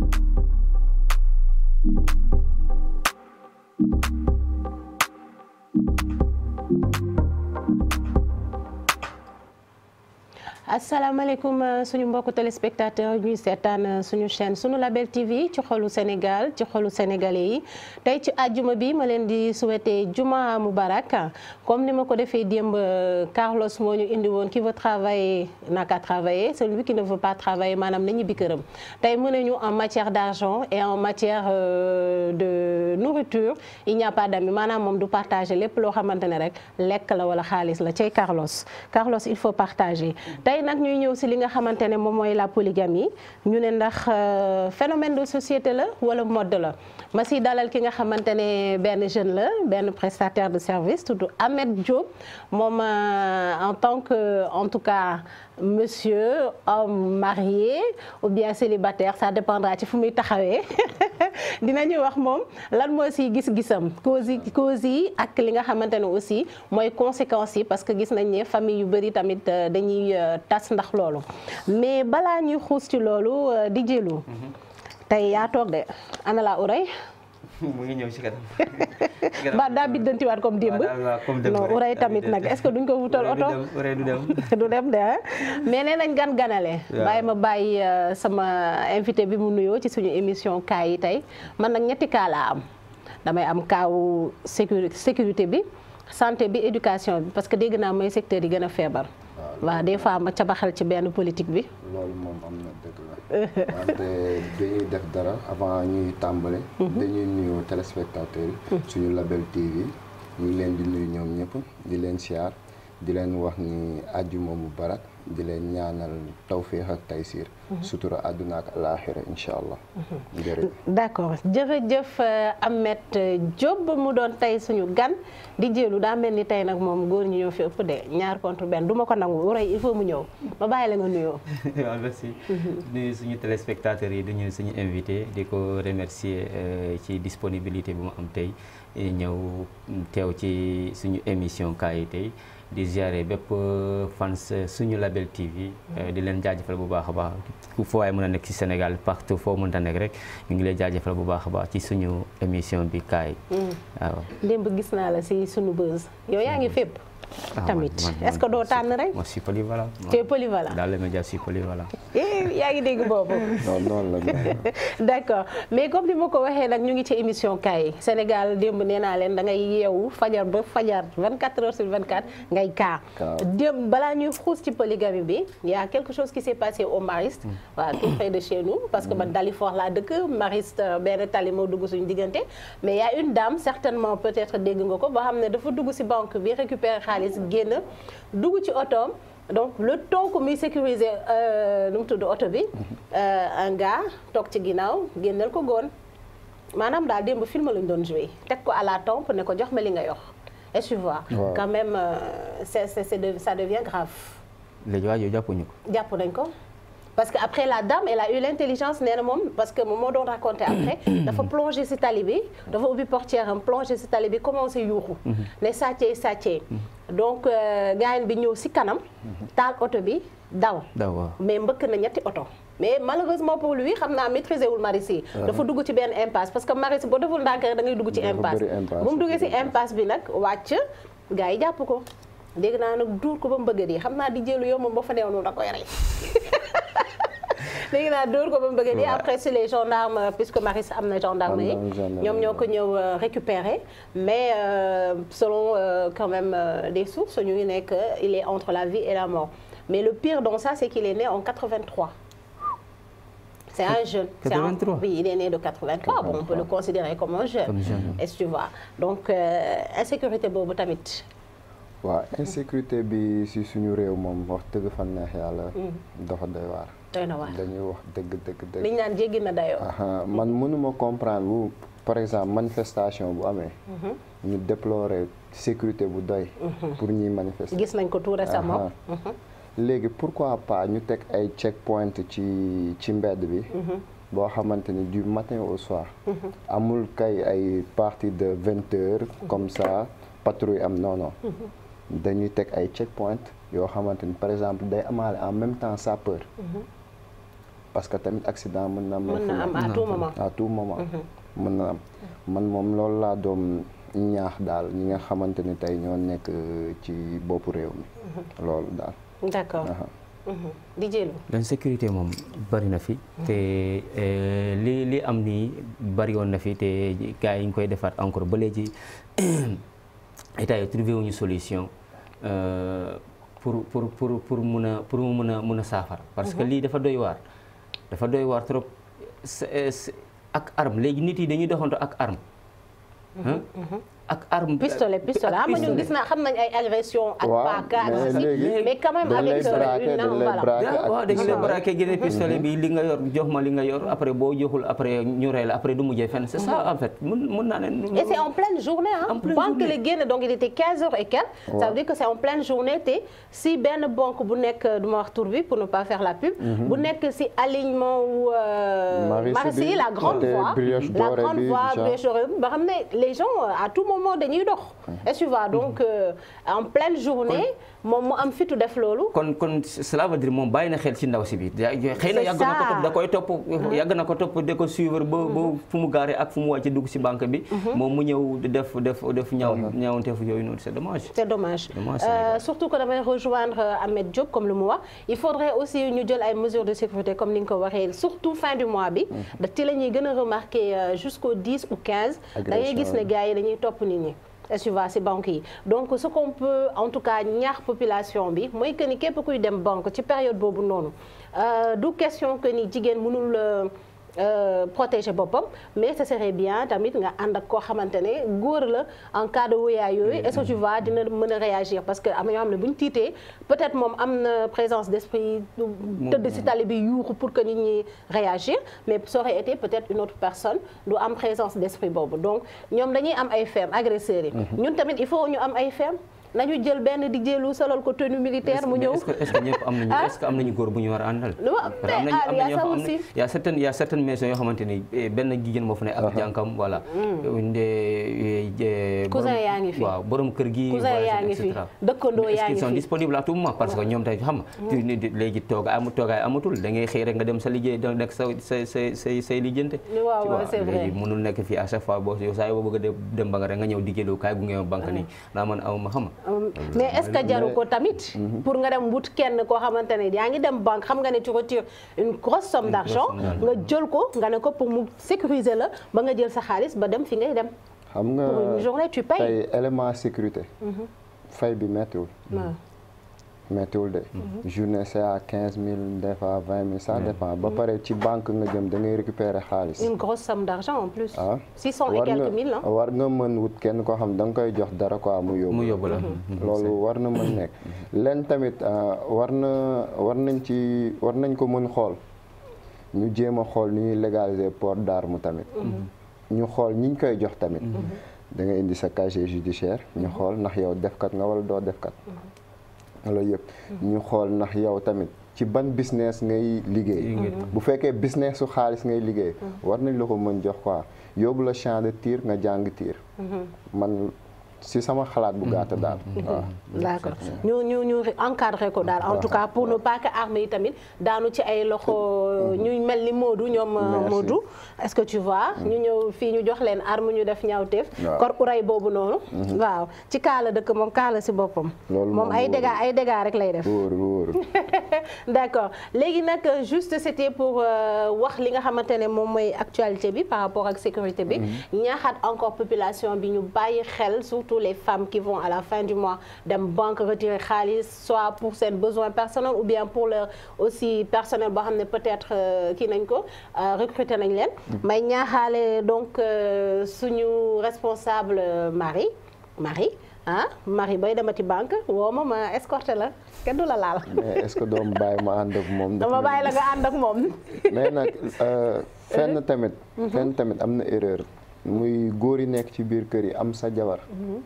Thank you asalaamaaleykum euh, suñu mbokku téléspectateur ñuy seetaan euh, suñu chaine suñu label TV ci xolu Sénégal ci xolu sénégalais yi tey ci àjjuma bi ma leen di souhaiter juma mubarak comme ni ma ko defee démb euh, Carlos moo ñu indi woon qui veut travailler n'a qu'à travailler celui qui ne veut pas travailler maanaam na ñibbi këram tey mu ne ñu en matière d'argent et en matière de nourriture il n'y a maanaam moom du partager lépp loo xamante ne rek lekk la wala xaalis la cay Carlos Carlos il faut partager tey nag ñuy ñëw si li nga xamante ne moom mooy la polygamie ñu ne ndax euh, phénomène de société la wala mode la ma siy dalal ki nga xamante ne benn jeune la benn prestataire de service tudd Ahmed Diop moom euh, en tant que en tout cas. monsieur homme marié ou bien célibataire ça dépendra ci fu muy taxawee ñuy wax moom lan moo si gis-gisam causes yi causes yi ak li nga xamante ne aussi mooy conséquences yi parce que gis nañ ne famille yu bëri tamit euh, dañuy euh, tas ndax loolu mais balaa ñuy xuus ci loolu euh, di jëlu mm-hmm. tey yaa toog de ana la mu ngi ñëw si kanam. ba daa biddantiwaat comme démb. non uray tamit nag est-ce que duñ ko wutal oto. du dem du dem mais ne nañ gan ganale. bàyyi ma bàyyi euh, sama invité bi mu nuyoo ci suñu émission kaa yi tey man nag ñetti kaalaa am damay am kaawu sécurité bi santé bi éducation bi parce que dégg naa may secteur yi gën a feebar. waaw des fois ma cabaxal ci benn politique bi. loolu moom am na dëgg la. wante dañuy def dara avant ñuy tàmbale. Mhm. dañuy nuyu téléspectateurs yi. Mhm. suñu Label TV ñu leen di ñoom ñëpp di leen siyaar. di leen wax ni àjjuma mu barak di leen ñaanal tawféex ak taysiir mhm. sutura àdduna ak alaaxira incha allah. Mhm. jërëjëf d' accord jërëjëf euh, Ahmet Diop mu doon tey suñu gan di jéelu daa mel ni tey nag moom góor ñi ñoo fi ëpp de ñaar contre du ma ko nangu wala il mu ñëw ma bàyyi la nga nuyoo. waaw merci mhm. nuyu suñu téléspectateurs yi di suñu invité di ko remercier euh, ci disponibilité bu ma am tey ñëw teew ci suñu émission kaay tey. di ziare bépp fans suñu label TV euh, di leen jaajëfal bu baax a baax ku foo waaye mën a nekk ci Sénégal partout foo mën ta nekk rek ñu ngi lay jaajëfal bu baax a baax ci suñu émission bi kaay. Mm. waaw démb gis naa la ci suñu buzz yow yaa ngi fépp. Ah, tamit est-ce que doo tànn rek. ma si polyvalent. tu es eh, yaa ngi dégg boobu. non non la d'accord mais comme ni ma ko waxee nag ñu ngi ci émission kaay Sénégal démb nee naa leen da ngay yeewu fajar ba fajar 24 heures sur 24 ngay kaa. démb balaa ñuy xuus ci polygamie bi y a quelque chose qui s'est passé au Mariste. Hmm. waaw tout de chez parce que man hmm. Dalifort laa dëkk Mariste euh, benn tali moo dugg suñu diggante mais y a une dame certainement peut-être dégg nga ko xaalis génn dugg ci am donc le temps que muy sécuriser euh, nu mu tudd oto bi euh, un gars toog ci ginnaaw génnal ko góon maanaam daal démb film lañ doon joué teg ko à la tempe ne ko jox ma li nga yox est-ce que tu vois quand même euh, c'est c'est ça devient grave léegi waa yooyu jàppuñu ko jàpp nañ ko parce que après la dame elle a eu l'intelligence nee moom parce que moom moo doon raconté après dafa plongé ci tali bi dafa ubbi portière am plongé ci tali bi commencé yuuxu mm-hmm. ne sàccee sàccee mm-hmm. donc euh, gaayen bi ñëw si kanam. taal oto bi daw. mais mbëkk na ñetti oto. mais malheureusement pour lui xam naa maîtriser wul Maris yi ah. dafa dugg ci benn impasse parce que Maris boo deful ndànk rek da ngay dugg ci impasse. bu mu duggee si impasse bi nag wàcc gars yi jàpp ko. dégg naa nag duur ko ba mu bëgg a dee xam naa di jëlu yomb ba fa newoon da koy rey. léegi nag dóor ko ba mu bëgg di après si euh, ko ñëw euh, mais euh, selon quand même des sources ñu ngi nekk il est entre mais le pire dans ça c'est qu'il un jeune. 83 est né de 83 bon on peut le considérer comme un jeune. comme jeune est-ce que boobu tamit. waaw bi si suñu réew moom wax dañuy wax dëgg dëgg dëgg. liñ na man mënuma comprendre bu par exemple manifestation bu amee. Mhm. ñu déplorer sécurité bu doy. Mhm. pour ñuy manifester. gis nañ ko tout récemment. Mhm. léegi pourquoi pas ñu teg ay checkpoint ci ci mbedd bi. boo xamante ni du matin au soir. amul kay ay partie de vingt heures comme ça patrouille am non dañuy teg ay checkpoint yoo xamante ni par exemple day amaale en même temps sapeur. parce que tamit accident mën na am. na am à tout moment à tout moment. Mhm. mën na am man moom loolu laa doom ñaax daal ñi nga xamante ni tey ñoo nekk euh, ci boppu réew mi. Mhm. loolu daal. Mhm. di jëlu. l'insécurité moom bari na fi. te euh, li li am nii bari yoon na fi te gars yi ñu koy defaat encore ba léegi état yi trouvé wuñu solution. Euh, pour pour pour pour mun a pour mu mun a mun a saafara. parce que lii dafa doy waar. dafa doy waar trop eh, ak arme léegi nit yi dañuy doxantu ak arme mm-hmm, mm-hmm. ak arme pistolet pistolet xam nga ñun gis naa xam nañ ay agression ak paaka ak si mais quand même avec une arme voilà waaw dañu la braqué génne pistolet bi li nga yor jox ma li nga yor après boo joxul après ñu rey la après du mujjee fenn c'est ça mhm. en fait mun mun naa ne et c'est en pleine journée ah banque la génn donc il était 15 heures et quelques ça veut dire que c'est en pleine journée te si benn banque bu nekk du ma wax tur bi pour ne pas faire la pub mhm. bu nekk si alignement wu euh, Marissi la grande voie la grande voie brioche ba xam ne les gens euh, à tout moment mouvement dañuy dox. tu vois donc euh, en pleine journée. moom mu am fitu def loolu. kon kon cela veut moom bàyyi na xel ci ndaw si bi. xëy na yàgg na ko topp da koy topp. Mm-hmm. yàgg na ko topp da ko suivre ba ba mm-hmm. fu mu gaaree ak fu mu wàcc dugg si banque bi. Mm-hmm. moom mu ñëw def def def ñaaw ñaawanteefu yooyu noonu c'est dommage. c'est euh, dommage surtout que damay rejoindre Ahmed Diop comme lu mu wax il faudrait aussi ñu jël ay mesures de sécurité comme ni nga ko waxee surtout fin du mois bi. Mm. da ci la ñuy gën a remarquer euh, jusqu'au 10 ou 15. da ngay gis ne gars yi dañuy topp nit ñi. SUVA ci banque yi donc ce qu'on en tout cas ñaax population bi mooy que ni képp kuy dem banque ci période boobu noonu euh, du question que ni jigéen mënul euh, Euh, protéger boppam mais ce bien tamit nga ànd ak koo xamante ne góor la en cas yooyu mm-hmm. est-ce que tu dina mën a réagir parce que am na xam ne bu ñu tiitee peut-être moom am na présence d'esprit tëdd si tali bi yuuxu pour que nit ñi réagir mais ça aurait été peut-être une autre personne du am présence d'esprit boobu donc ñoom dañuy am ay femmes agresseurs yi mm-hmm. ñun tamit il faut ñu am ay femmes nañu jël benn di jëlu solal ko tenue militaire mu ñëw. que am nañu ah. est-ce que am nañu ñu a àndal. y a certaines y a yoo xamante ni eh, benn jigéen moo fa ne ak uh-huh. jànkam voilà. Mm. Eh, eh, waaw borom kër gi. cousin yaa ngi fi parce que ñoom tey mm. léegi toogaay amul toogaay amatul da ngay xëy rek nga dem sa liggéey da nekk sa say say say say lijjante. waaw waaw c'est vrai léegi nekk fii à chaque boo yow ñëw diggéeloo kaay gu ngeen banque nii mm. naa man aw ma xam Euh, mais est-ce que jaru ko tamit. Mhm. pour nga dem wut kenn koo xamante ne yaa ngi dem banque xam nga ne tu retires une grosse somme d'argent nga jël ko nga ne ko pour mu sécuriser la ba nga jël sa xaalis ba dem fi ngay dem. xam nga pour une tu payes. élément sécurité. Mhm. fay bi méttiwul. méttiwul de mhm. journée c'est à quinze mille des fois vingt mille ça mhm. dépend ba mhm. pare ci banque nga jëm dangay ngay récupérer xaalis une grosse somme d'argent en ah. war nga mën wut kenn koo xam da nga koy jox dara quoi mu yóbbu mu yóbbu la loolu war na mën nekk leen tamit ah, war na war nañ ci war nañ ko mën xool ñu jéem a xool ni ñuy légaliser port d'arme tamit ñu xool ñiñ koy jox tamit da nga indi sa casier judiciaire ñu xool ndax yow defkat nga wala doo defkat loolu yëpp ñu xool ndax yow tamit ci ban business ngay liggéey bu fekkee business su xaalis ngay liggéey war nañ la ko mën jox quoi yóbbu la champ de tir nga jàng tiir man si sama xalaat bu gàtt daal mm-hmm. waaw mm-hmm. d'accord ñu ñu ñu encadré ko daal en tout cas pour ne pas que armée yi tamit daanu ci ay loxo mm-hmm. ñuy mel ni Modou ñoom euh, Modou est-ce que tu vois ñu ñëw fii ñu jox leen arme ñu def ñaawteef kor uray boobu noonu waaw ci kaala dëkk moom kaala si boppam moom ay dégâts ay dégâts rek lay def wóoru wóoru d'accord léegi nag juste c'était pour euh, wax li nga xamante ne moom mooy actualité bi par rapport ak sécurité bi ñaaxaat encore population bi ñu bàyyi surtout les femmes qui vont à la fin du mois dem banque retirer xaalis soit pour seen besoin personnel ou bien pour leur aussi personnel boo xam ne peut-être euh, kii nañ ko euh, recruter nañ leen mm. may ñaaxaale donc euh, suñu responsable Marie Marie ah Marie bay demati banque woo ma ma escorté la kenn la laal. mais est-ce que doom bàyyi ma ànd ak moom. dama la mais nag fenn tamit. Mm-hmm. fenn am na erreur. muy góor yi nekk ci biir kër yi am sa jabar mhm.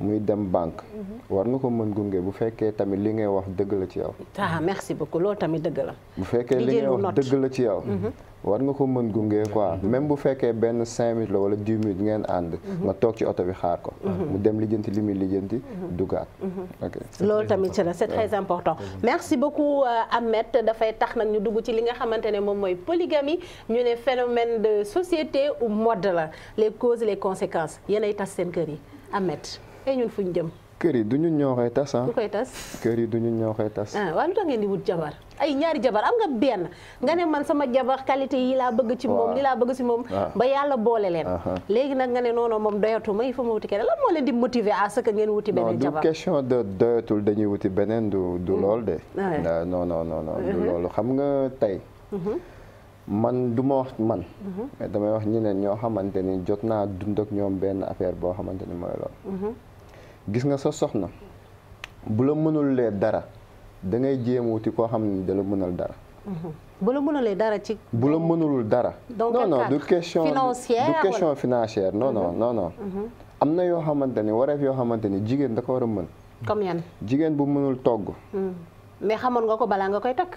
muy dem banque. war nga ko mën gunge bu fekkee tamit li ngay wax dëgg la ci yow. ah merci beaucoup loolu tamit dëgg la. bu fekkee li ngay wax dëgg la ci yow. Mhm. war nga ko mën gunge quoi mhm. même bu fekkee benn cinq minutes la wala dix minutes ngeen ànd. nga mhm. toog ci oto bi xaar ko. mu dem lijjanti li muy lijjanti dugaat. ok loolu tamit ci la c'est très important. merci beaucoup euh, Ahmed dafay tax nag ñu dugg ci li nga xamante ne moom mooy polygamie ñu ne phénomène de société ou la les causes les conséquences yéenay tas seen kër yi Ahmed. ay eh, ñun ñu jëm. kër yi du ñun ñoo koy tas ah. du koy tas. kër koy tas. ah waaw lu tax ngeen di wut jabar ay ñaari jabar am nga benn nga ne man sama jabar qualité yi laa bëgg ci moom li laa bëgg ci moom. Ah. ba yàlla boole leen. léegi nag nga ne non moom doyatuma il faut ma wuti keneen lan moo leen di motiver à ce que ngeen wuti beneen jabar. non du question de doyatul dañuy wuti beneen du du mm. lool de. Ah ah, non non non non mm-hmm. loolu xam nga tey. Mm-hmm. man du ma wax man. Mm-hmm. mais damay wax ñeneen ñoo xamante ni jot naa dund ak ñoom benn affaire boo xamante ni mooy lool. gis nga sa soxna bu la mënulee dara da jéem wuti koo xam ni da la mënal dara. Mhm. bu la mënulee dara ci. bu la mënulul dara. non non du question du financière non non mhm. Mhm. am na yoo xamante ni wareef yoo xamante jigéen da ko war a mën. comme yan jigéen bu mënul togg. mais xamoon nga ko balaa nga koy takk.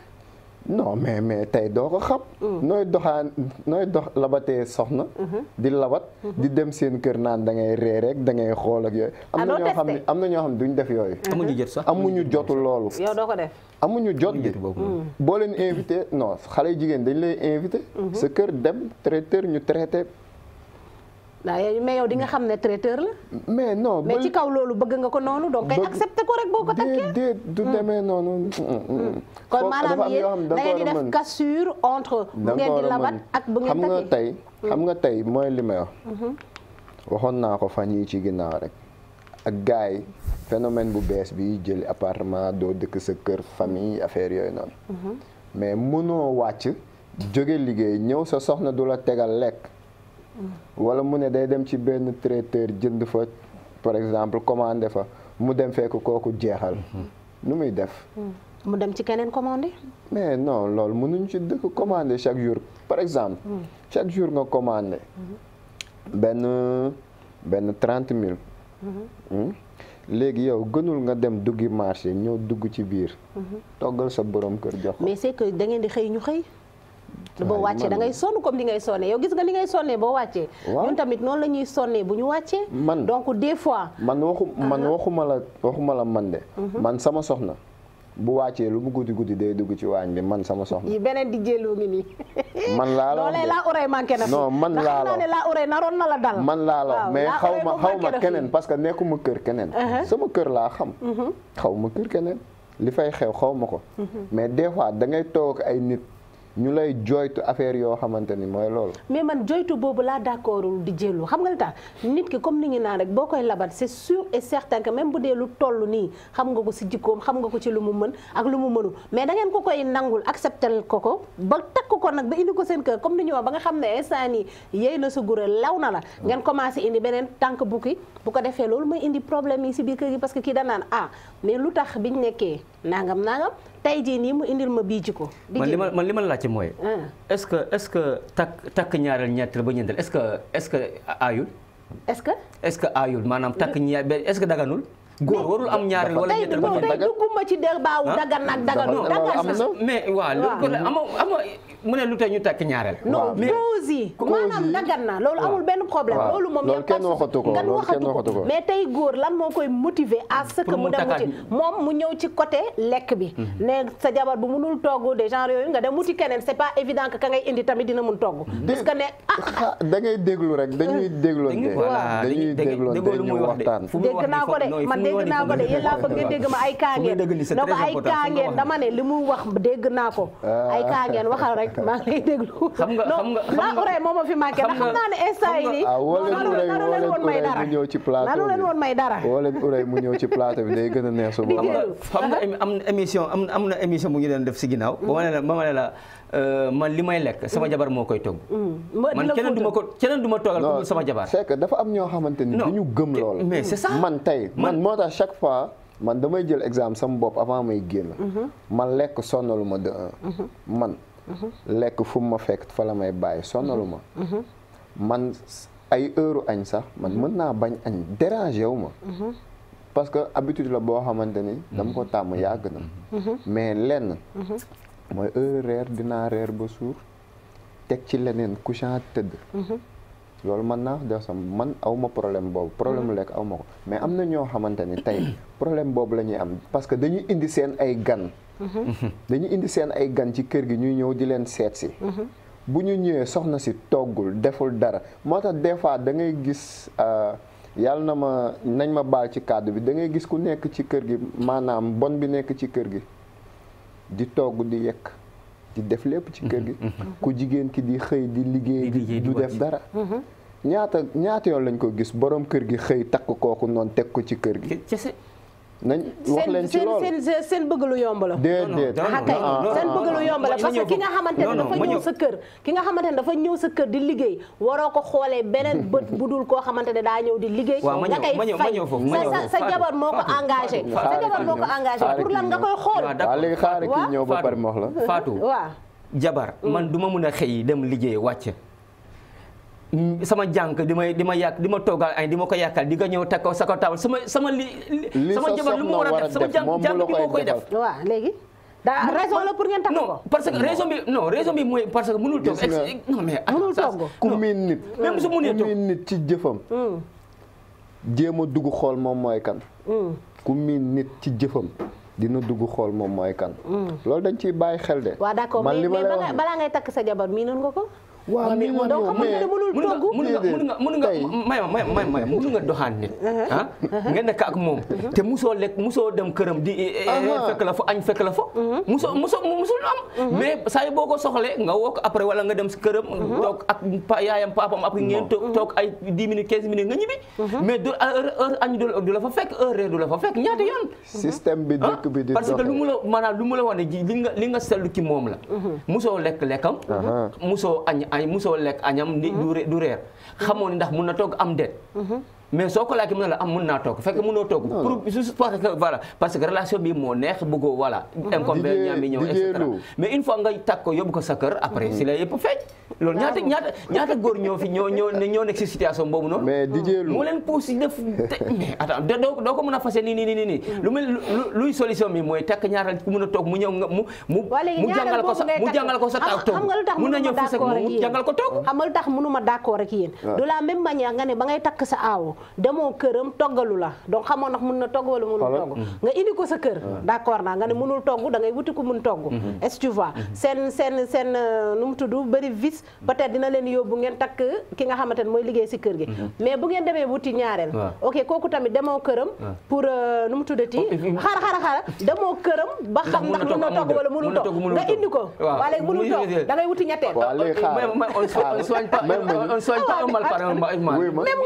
non mais mais tey doo ko xam. Mm. nooy doxaan nooy dox labatee soxna. Mm-hmm. di labat. Mm-hmm. di dem seen kër naan da ngay ree rek da ngay xool ak yooyu. am na ñoo xam ne na ñoo xam ne duñ def yooyu. Mm-hmm. amuñu jot sax amuñu jotu loolu. yow doo ko def. amuñu jot bi mm. boo leen invité non xale jigéen dañ lay invité. sa kër dem traiteur ñu traité waaw mais yow di nga xam ne traiteur la. mais non mais ci kaw loolu bëgg nga ko noonu donc kay accepté ko rek boo ko takkee. du hmm. demee noonu. Hmm, hmm, kon maanaam yéen da ngeen di def cassure entre. bu ngeen di labat ak bu ngeen takkee xam nga tey. xam nga tey mooy li mhm. waxoon naa ko fan yii ci ginnaaw rek. ak gars yi phénomène bu bees bi jël appartement doo dëkk sa kër famille affaire yooyu noonu. Mhm. mais mënoo wàcc jóge liggéey ñëw sa soxna du la tegal lekk. wala mu ne day dem ci benn traiteur jënd fa par exemple commandé fa mu dem fekk kooku jeexal mm-hmm. nu muy def mm-hmm. mu dem ci keneen commandé mais non lool mënuñ ci dëkk commandé chaque jour par exemple mm-hmm. chaque jour nga commandé benn benn trente mille hmm? léegi yow gënul nga dem duggi marché ñëw dugg ci biir toggal sa borom kër jox mais c'est que da di xëy ñu xëy boo wàccee da ngay sonn comme li ngay sonnee yow gis nga li ngay boo wàccee ñun tamit noonu la sonnee bu ñu wàccee man donc des fois man waxu man uh-huh. waxuma la waxuma la man de uh-huh. man sama soxna bu wàccee lu mu guddi guddi day dugg ci waañ bi man sama soxna yi beneen di jëloo ngi nii man laa la loolee laa urey manqué na non man laa la ne laa urey naroon na la dal man laa la mais xaw ma xaw ma keneen parce que nekkuma kër keneen uh-huh. sama kër laa xam xaw ma kër keneen li fay xew xaw ma ko mais ñu lay joytu affaire yoo xamante ni mooy loolu. mais man joytu boobu laa d'accordul di jëlu xam nga li tax nit ki comme ni ngi naan rek boo koy labat c'est sûr et certain que même bu dee lu toll nii xam nga ko si jikkoom xam nga ko ci lu mu mën ak lu mu mënu mais da ngeen ko koy nangul accepté ko ko ba takk ko nag ba indi ko seen kër comme ni ñu wax ba nga xam ne instant yi yéy na sa gura law na la. ngeen commencé indi beneen tànk bukki bu ko defee loolu mooy indi problème yi si biir kër gi parce que kii da naan ah lu tax biñ nekkee nangam nangam. tey jii nii mu indil ma bii ko man li ma man li ma laajte mooy. Ah. est-ce que est-ce que takk takk ñaareel ñettel ba ñeenteel est-ce que est-ce que aayul. est-ce que. est-ce que aayul maanaam takk ñaar est-ce que daganul. góor warul am ñaari wala ñetti ba tey dugguma ci débat ah. dagan nag dagan dagan mais waaw loolu ama ama mu ne lu tey ñu takk ñaareel no cause yi maanaam dagan na loolu amul benn problème loolu moom loolu kenn waxatu ko kenn waxatu ko mais tey góor lan moo koy motiver à ce que mu dem wuti moom mu ñëw ci côté lekk bi mm-hmm. ne sa jabar bu mënul togg des genres yooyu nga dem wuti keneen c'est pas évident que ka ngay indi tamit dina mun togg mm-hmm. parce que ne ah, ah. da ngay déglu rek dañuy euh, dégg naa ko de yéen laa bëgg dégg ma ay kaa ngeen na ko ay kaa dama ne li mu wax dégg naa ko ah. ay kaa waxal rek maa lay déglu xam nga xam nga la urée moo ma fi manqué xam naa ne instant nii ah, naru leen leen woon may dara woo leen urée mu ñëw ci plateau bi day gën a neex su am na am na émission bu ñu def si ginnaaw mm. ma ne la ba ma ne la Euh, man li may lekk sama mm. jabar moo koy togg. Mm. man keneen du ma ko keneen du ma toogal ko dul sama jabar. c'est dafa am ñoo xamante ni du ñu gëm lool. mais man tey man moo tax chaque fois. man damay jël exemple sama bopp avant may génn. Mm-hmm. man lekk sonnalu ma de un. Mm-hmm. man. Mm-hmm. lekk fu ma fekk fa la may bàyyi sonnalu ma. man ay heure añ sax man mën naa bañ añ déranger wu ma. que habitude la boo xamante ni. dama ko tàmm yàgg na. mais lenn. mooy heure reer dinaa reer ba suur teg ci leneen couchant tëdd mhm. loolu mën naa def sama man aw ma problème boobu problème mhm. lekk aw ma ko mais am na ñoo xamante ni tey problème boobu la ñuy am parce que dañuy indi seen ay gan mhm. dañu indi seen ay gan ci kër gi ñuy ñëw di leen seet si bu ñu ñëwee soxna si toggul deful dara moo tax des fois da ngay gis euh, yàlla na ma nañ ma baal ci kàddu bi da ngay gis ku nekk ci kër gi maanaam bon bi nekk ci kër gi di togg di yekk di def lépp ci kër gi ku jigéen ki di xëy di liggéey du def dara mhm. ñaata ñaata yoon lañ ko gis borom kër gi xëy takk kooku noonu teg ko ci kër gi nañ wax leen seen seen lu yomb la. déedéet ah kay seen bëgg lu yomb la parce ki nga xamante ne dafa ñëw sa kër. ki nga xamante ne dafa ñëw sa kër di liggéey waroo ko xoolee beneen bët bu dul koo xamante ne daa ñëw di liggéey. waaw ma ma ñëw ma ñëw foofu ma ñëw foofu sa jabar ko engagé. sa jabar moo ñëw ba pare ma wax la. Fatou jabar man du ma mën a xëy dem liggéey wàcc sama jànk di may di ma yàq di ma toogal ay di ma ko yàqal di nga ñëw teg ko sa ko taabal sama sama li. sama jabar lu mu war a def sama jànk jànk bi moo koy def. waaw léegi. daa raison la pour ngeen takk ko non parce que raison bi non raison bi mooy parce que mënul toog. non mais mënul toog ku miin nit. même su mënee toog ku miin nit ci jëfam. Hmm. jéem a dugg xool moom mooy kan. Hmm. ku miin nit ci jëfam. dina dugg xool moom mooy kan. Hmm. loolu dañ ciy bàyyi xel de. man li ma lay wax balaa ngay takk sa jabar miinoon nga ko. waaw mais donc xam nga mënul togg mën nga mën nga may ma may doxaan nit uh-huh. Ah? Uh-huh. nga nekk ak moom uh-huh. te musoo lekk musoo dem këram di eh, eh, eh, fekk la fa añ fekk la fa musoo musoo musul am mais boo ko soxlee nga woo ko wala nga dem si këram toog ak yaayam papaam après ngeen toog ay 10 minutes 15 minutes nga ñibbi mais du heure heure añ du la fa fekk heure reer du la fa fekk ñaata yoon système bi ah? dëkk bi di parce que lu mu la maanaam lu mu la wax li nga li ci moom la musoo lekk lekkam musoo añ añ musoo lekk a añam. Mhm. du reer xamoo ni ndax mun na toog am déet. Mhm. mais soo ko laajee mën na la am ah, mën naa toog fekk mënoo toog. pour juste parce que voilà parce que relation bi moo neex mm-hmm. ñëw et cetera mais une fois mm-hmm. la yëpp feeñ. loolu ñaata ñaata ñaata góor ñoo fi ñoo ñoo ñoo nekk noonu. mais Didier Lou mu leen pousse def a nii nii nii nii. Mm. lu muy bi mooy takk ñaareel ku mu ñëw nga mu. mu jàngal ko mu jàngal ko sa taag mu jàngal ko toog. xam nga lu tax mënuma d'accord ak yéen ah. de la même nga ne ba ngay takk sa aawo demoo këram toggalu la donc xamoon ndax mun na togg wala mënul togg nga indi ko sa kër d'accord naa nga ne mënul togg dangay wuti ko mun togg mm-hmm. est-ce que tu vois mm-hmm. seen seen seen euh, nu mu tudd bëri vis mm-hmm. peut dina leen yóbbu ngeen takk ki nga xamante ne mooy liggéey si kër gi mais bu ngeen demee wuti ñaareel ok kooku tamit demoo këram pour euh, nu mu tuddati xara xara xara demoo këram ba xam ndax mën na togg wala mënul togg nga indi ko waa léegi mënul togg da ngay wuti ñetteel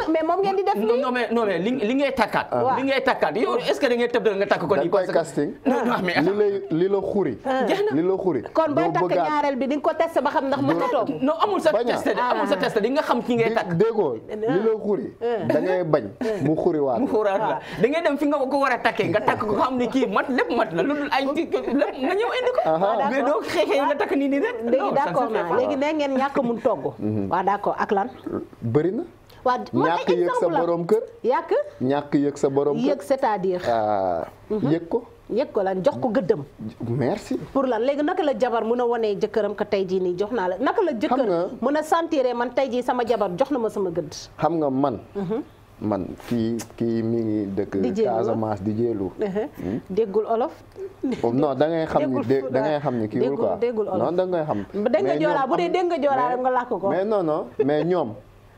mais moom ngeen di non mais non mais li ngay takkaat. Ah. li ngay takkaat yow ah. est-ce que da ngay tëb nga takk ko nii. parce que casting li lay li la xuri. Ah. li la kon booy takk ñaareel bi di nga ko test ba xam ndax mën na toog. non sa test sa test di nga xam ki ngay takk. déggoo li la xuri da ngay bañ mu xuri waat. mu la da ngay dem fi nga ko war a takkee nga takk ko xam ne kii mat lépp mat la lu dul ay lépp nga ñëw indi ko. mais doo xeexee nga takk nii nii rek. léegi d'accord léegi nee ngeen ñàkk mun togg. Mhm. waaw d'accord ak lan bëri na waaw ñàkk yëg sa boroom kër. yàq ñàkk yëg sa borom kër yëg cest à ah, mhm. yëg ko. yëg ko lan jox ko gëddam. merci. pour lan léegi naka la jabar mun a wanee jëkkëram ka tey jii nii jox naa la naka la. jëkkër mun a sentir man tey jii sama jabar jox na ma sama gëdd. xam nga man. Mhm. man kii kii mi ngi dëkk. Casamance di jéelu. déggul olof. non da ngay xam ni dé da ngay xam xam. mais ñoom dégg nga joolaa bu dee dégg nga joolaa rek nga làkk ko. mais non non ñoom.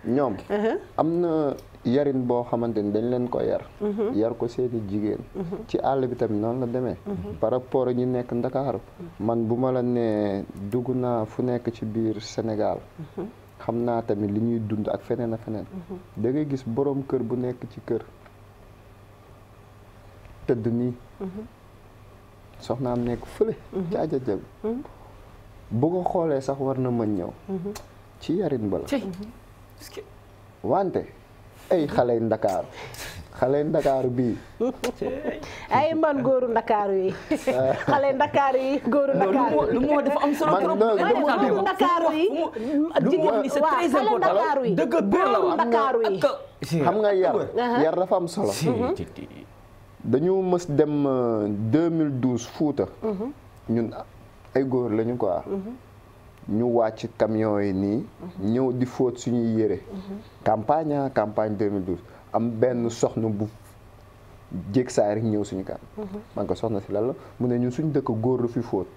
ñoom uh-huh. am na yarin boo xamante ni dañ leen ko yar uh-huh. yar ko seeni jigéen uh-huh. ci àll bi tamit noonu la demee par rapport ñu nekk Ndakaaru man bu ma la nee dugg naa fu nekk ci biir Sénégal xam naa tamit li ñuy dund ak feneen ak feneen da gis boroom kër bu nekk ci kër tëdd nii soxnaam nekk fële jaajajag bu ko xoolee sax war na mën ñëw ci yarin ba la wante ay xale yu ndakaaru xale yu ndakaaru bii. ay man góoru ndakaaru yi. xale ndakaaru yi góoru ndakaaru yi. moo dafa am góoru ndakaaru yi. xam nga yar yar dafa am solo. dañu mës dem 2012 Fuuta. ñun ay góor lañu quoi. ñu wàcc camion yi nii. ñëw di fóot suñuy yére. campagne ah campagne 2012 am benn soxna bu jéeg saa rek ñëw suñu kan man ko soxna si lan la mu ne ñun suñu dëkk góor la fi fóot.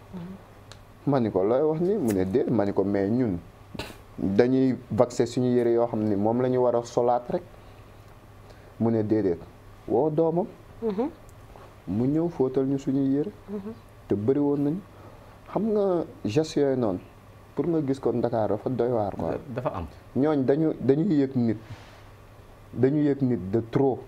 ma ni ko looy wax ni mu ne déet ma ni ko mais ñun dañuy vaccé suñu yére yoo xam ni moom la ñu war a solaat rek mu ne déedéet woo doomam. mu ñëw fóotal ñu suñuy yére. te bëri woon nañu xam nga gestion yooyu noonu. pour nga gis ko ndakaar dafa doy waar quoi. dafa am ñooñ dañu dañuy yëg nit dañu yëg nit de trop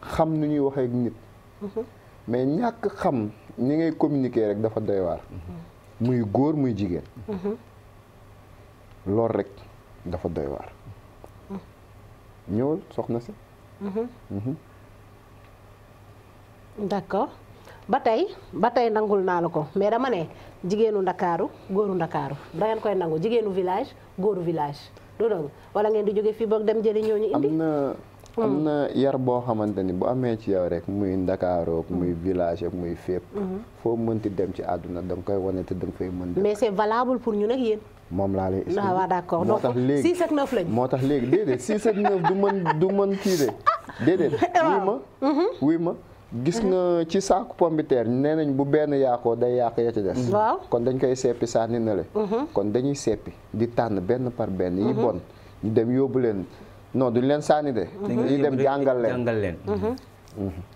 xam nu ñuy waxee ak nit. Mhm. mais ñàkk xam ni ngay communiquer rek dafa doy waar. Mhm. muy góor muy jigéen. Mhm. loolu rek dafa doy waar. ñëwal soxna si. d'accord. ba tey ba tey nangul naa la ko mais dama ne jigéenu ndakaaru góoru ndakaaru da koy nangu jigéenu village góoru village du dong wala ngeen di jóge fii boog dem jëli ñooñu indi am na am hmm. yar boo xamante ni bu amee ci yow rek muy ndakaaroo muy hmm. village ak muy fépp hmm. foo mënti dem ci àdduna da koy wane te da nga fay mën mais c'est valable pour ñu ak yéen moom laa lay expliqué ah, waaw d'accord moo tax léegi 6 ak 9 moo tax léegi déedéet 6 ak du mën du mën kii de déedéet ma mm-hmm. wuy ma gis nga ci saaku pombiteer nee nañ bu benn yaakoo day yàq ya ci des. Mhm. waaw kon dañ koy seppi sànni na le. Mhm. kon dañuy seppi di tànn benn par benn. yi mhm. bon ñu dem yóbbu leen non duñ leen sànni de. dañuy dem jàngal leen leen.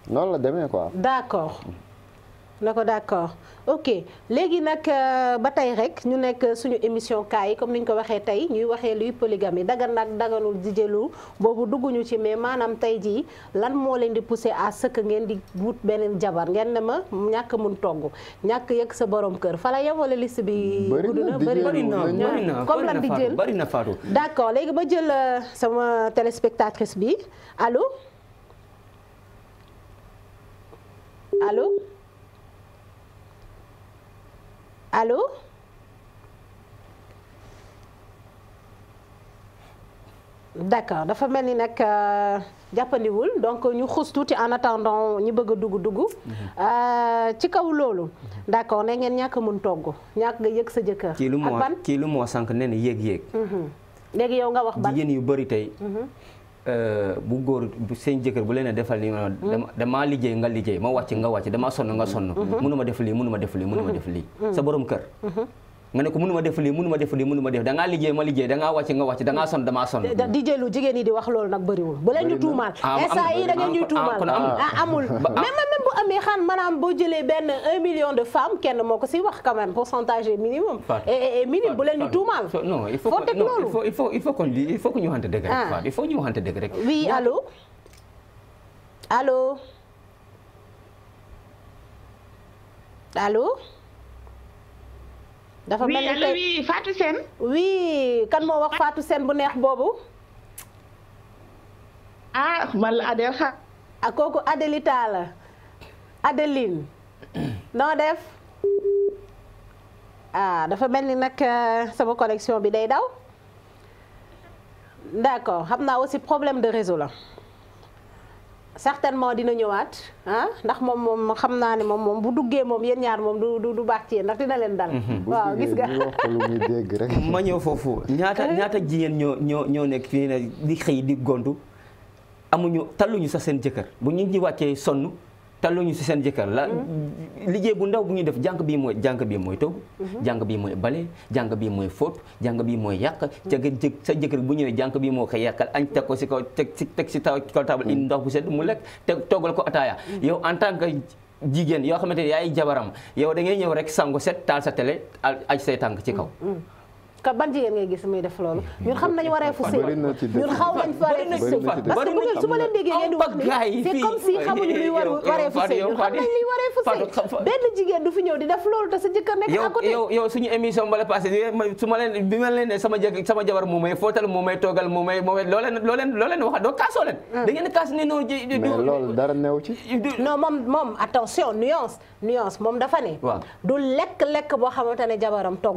noonu la demee quoi. d'accord. na ko d'accord ok léegi nag euh, ba tey rek ñu nekk suñu émission kaay comme ni ñu ko waxee tey ñuy waxee luy polygamie dagan nag daganul jijelu boobu dugguñu ci mais maanaam tey jii lan moo leen di pousser à ce ngeen di wut beneen jabar ngeen ne ma ñàkk mun togg ñàkk yëg sa borom kër fala yemale list bi. gudd na bëri na comme lan di jël bëri na faatu d'accord léegi ba jël euh, sama téléspectatrice bi allo allo. allo d'accord dafa mel ni nag euh, jàppandiwul donc ñu xuus tuuti en attendant ñi bëgg a dugg dugg. Mhm. Euh, ci kaw loolu. d'accord ne ngeen ñàkk mën togg ñàkk nga yëg sa jëkkër. ak ban kii lu moo kii lu moo sànq yéeg yéeg. Mhm. léegi yow nga wax ban jigéen yu bari tey. Mhm. Euh, bu góor seen jëkkër bu leen defal li mm. damaa liggéey nga liggéey ma wàcc nga wàcc damaa sonn nga sonn mm-hmm. mënuma def lii mënuma def lii mënuma mm-hmm. def lii mm-hmm. sa borom kër nga ne ko mënu ma def lii mënu ma def lii mënu ma def da ngaa liggéey ma liggéey da ngaa wàcc nga wàcc da ngaa sonn damaa sonn di jëlu jigéen yi di wax loolu nag bëriwul bu leen ñu tuumaal ah, instant yi da ngeen ñuy ah, ah, boo jëlee benn un de femmes kenn moo ko si wax quand même pourcentage est minimum et minime bu leen ñu tuumaal non il faut teg loolu il faut il faut il faut ñu waxante dëgg rek il faut ñu dëgg rek oui allô allô allô dafa mel ni que oui Fatou kan moo wax Fatou Sène bu neex boobu. ah man la Adel xa. ah kooku Adelita la Adeline. noo def. ah dafa mel ni nag euh, sama connexion bi day daw. d'accord xam naa aussi problème de réseau la. certainement dina ñëwaat ah ndax moom moom xam naa ne moom moom bu duggee moom yéen ñaar moom du du baax ci yéen ndax dina leen dal. Mhm. waaw gis nga ma ñëw foofu ñaata ñaata jigéen ñoo ñoo ñoo nekk fii ne di xëy di gontu amuñu talluñu sax seen jëkkër bu ñu ci wàccee sonn. ñu si seen jëkkër la mm-hmm. liggéey bu ndaw bu ñuy def jànq bii mooy jànq bii mooy mm-hmm. jànq bii mooy bale jànq bii mooy fóot jànq bii mooy yàq ca sa jëkkër bu ñëwee jànq bii moo koy yàqal añ teg ko si kaw teg si teg si kaw table indi ndox bu sedd mu lekk teg toggal ko ataaya mm-hmm. yow en tant que jigéen yoo xamante ne yaay jabaram yow da ngay ñëw rek sangu set taal sa tele ay say tànk ci kaw ka ban jigéen ngay gis muy def loolu ñun xam nañ waree fu sëy di ñun xam nañ luy waree fu sëy benn jigéen ñëw di def loolu te sa jëkkër nekk à côté yow yow suñu émission bala passé su ma leen bi ma leen ne sama jëkk sama jabar moo may fóotal moo may toogal moo may moo may doo kaasoo leen hmm. da ngeen kaas ne noonu ji dara neew ci non moom moom attention nuance nuance moom dafa ne du lekk lekk boo xamante ne jabaram togg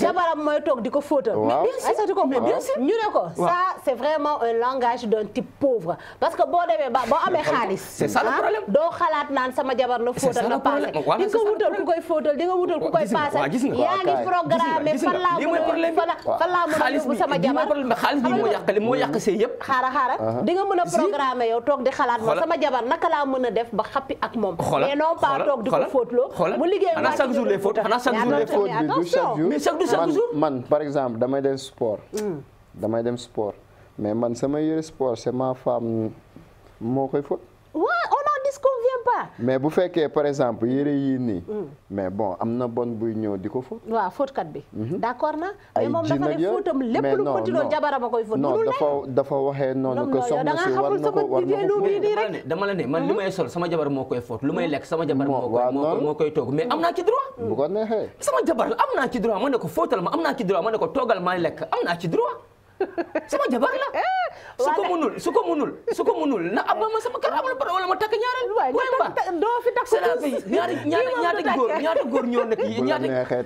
jabaram mooy toog di ko fóotal mais bien sûr c'est comme bien sûr ñu ne ko ça c'est vraiment un langage d'un type pauvre parce que boo demee ba boo amee xaalis ah, doo xalaat naan sama jabar na fóotal na paase di nga wutal ku koy fóotal di nga wutal ku koy paase yaa ngi programme fan laa mën a fan laa mën a yóbbu sama jabar xaalis bi moo a programme laa a def ba xappi ak moom mais non pas toog di ko fóotloo mu liggéey xanaa chaque jour les fóot xanaa chaque jour les fóot mais chaque man par exemple damay dem sport. Mm. damay dem sport mais man sama yëre sport c'est ma femme moo koy fóot. dis convient pas. mais bu fekkee par exemple yére yii nii. Mm. mais bon am na bon buy ñëw di ko fóot. waaw fóotkat bi. Mhm. d'accord na. ay ji nag mais moom dafa ne fóotam lépp lu mu mënti doon jabaram a koy fóot. waxee noonu que na si war na ko war na ko fóot dama la ne man li mhm. may sol sama jabar moo koy fóot lu may lekk sama jabar moo koy moo koy toog mais am na ci droit. bu ko ne ko fóotal ma am naa ci droit ma ne ko toogal ma lekk am naa ci droit. sama jabar la. su ko munul su ko munul su ko munul na abba eh. ma sama kër amul bara wala ma takk takk bi ñaari ñaari ñaari ñoo nekk yi ñaari que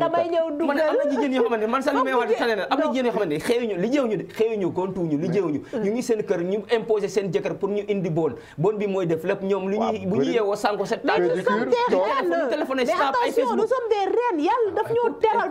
damay ñëw dugal man am na jigéen yoo xamante ne na am na jigéen ne xëyuñu li jëwuñu de ñu ngi seen kër ñu imposé seen jëkkër pour ñu indi boon boon bi mooy def lépp ñoom li ñuy bu ñu yeewoo sànko set téléphone téléphone mais attention nous sommes des reines yàlla daf ñoo teral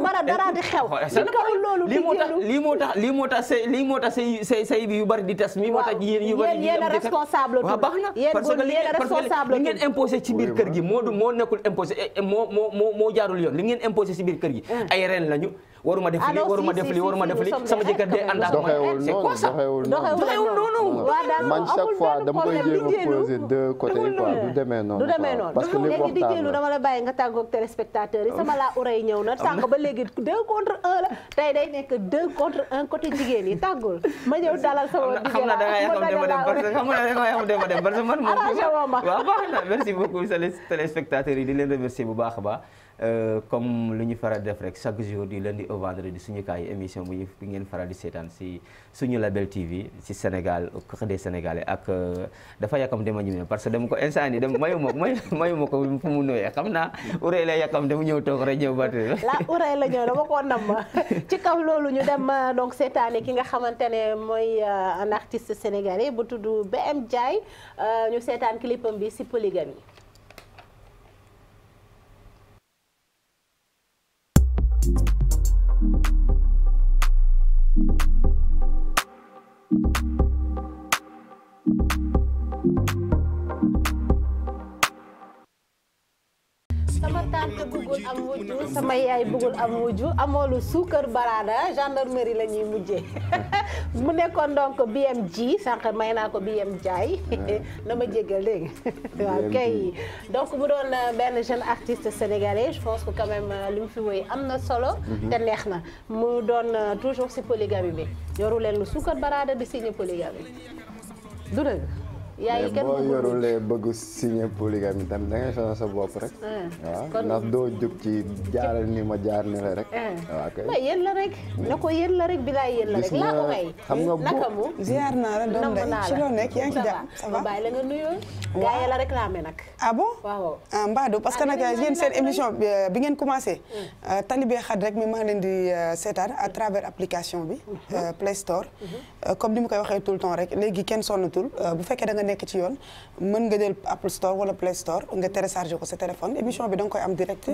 li kaw loolu lii moo tax lii moo tax lii moo tax tax say say say yu bari di tas mi moo yéen yu bari yéen responsable waaw baax na parce ngeen imposé ci biir kër gi moo du moo nekkul imposé eh, moo moo moo jaarul yoon li ngeen imposé ci biir kër gi mm. ay reine lañu waruma def lii waruma def lii waruma def lii sama jëkkër de ànd ak mooy c'est quoi ça doxewul noonu man chaque fois dama koy jéem a poser deux côtés quoi du demee noonu parce que léegi di jéelu dama la bàyyi nga tàggoog téléspectateurs yi sama laa uray ñëw na sànq ba léegi deux contre un la tey day nekk deux contre un côté jigéen yi tàggul ma ñëw dalal sama xam na da nga yàqam dama dem parce que xam na da nga yàqam dama dem parce que man moom waaw baax na merci beaucoup sa téléspectateurs yi di leen remercier bu baax a baax Euh, comme lu ñu faral def rek chaque jour du lundi au vendredi suñu kaay émission bu ñu ngeen faral di seetaan si suñu label TV si Sénégal kër des Sénégalais ak euh, dafa yàkkam dama ñu parce que dama ko instant yi dama mayu ma mayu ma ko fu mu nooyee xam naa urée la yàkkam dama ñëw toog rek ñëw battu ci kaw loolu ñu dem euh, donc seetaani ki nga xamante ne mooy un artiste sénégalais bu tudd BM Jaay ñu seetaan clipam bi si polygamie sama tante bëggul am wujju sama yaay bëggul am wujju amoolu suukar baraada gendarmerie la ñuy mujjee mu nekkoon donc BMG sànq may naa ko BM Jaay na ma jéggal léegi waaw kay donc mu doon euh, benn jeune artiste sénégalais je pense que quand même euh, li mu fi woy am na solo mhm. te neex na mu doon euh, toujours si polygamie bi yoru leen lu suukar baraada di signé polygamie du dëgg yaay kenn boo yorulee bëgg signé polygamie tamit da ngay sonal sa bopp rek. Eh, ndax doo jóg ci jaaral ni ma jaar ni la rek. Eh, waaw kay mais la rek. Hmm. na ko yéen la rek laa ko nga boo ziar naa la doom day ci loo nag. ah bon waaw ah Mbadou parce que ah, nag yéen seen émission euh, bi ngeen commencé. Hmm. Euh, Talibé xat rek ma maa leen di euh, seetaan à travers application bi. Hmm. Play Store. comme ni ma koy waxee tout le temps rek léegi kenn sonnatul bu fekkee da nekk ci yoon mën nga jël Apple Store wala Play Store nga téléchargé ko sa téléphone émission bi da koy am direct.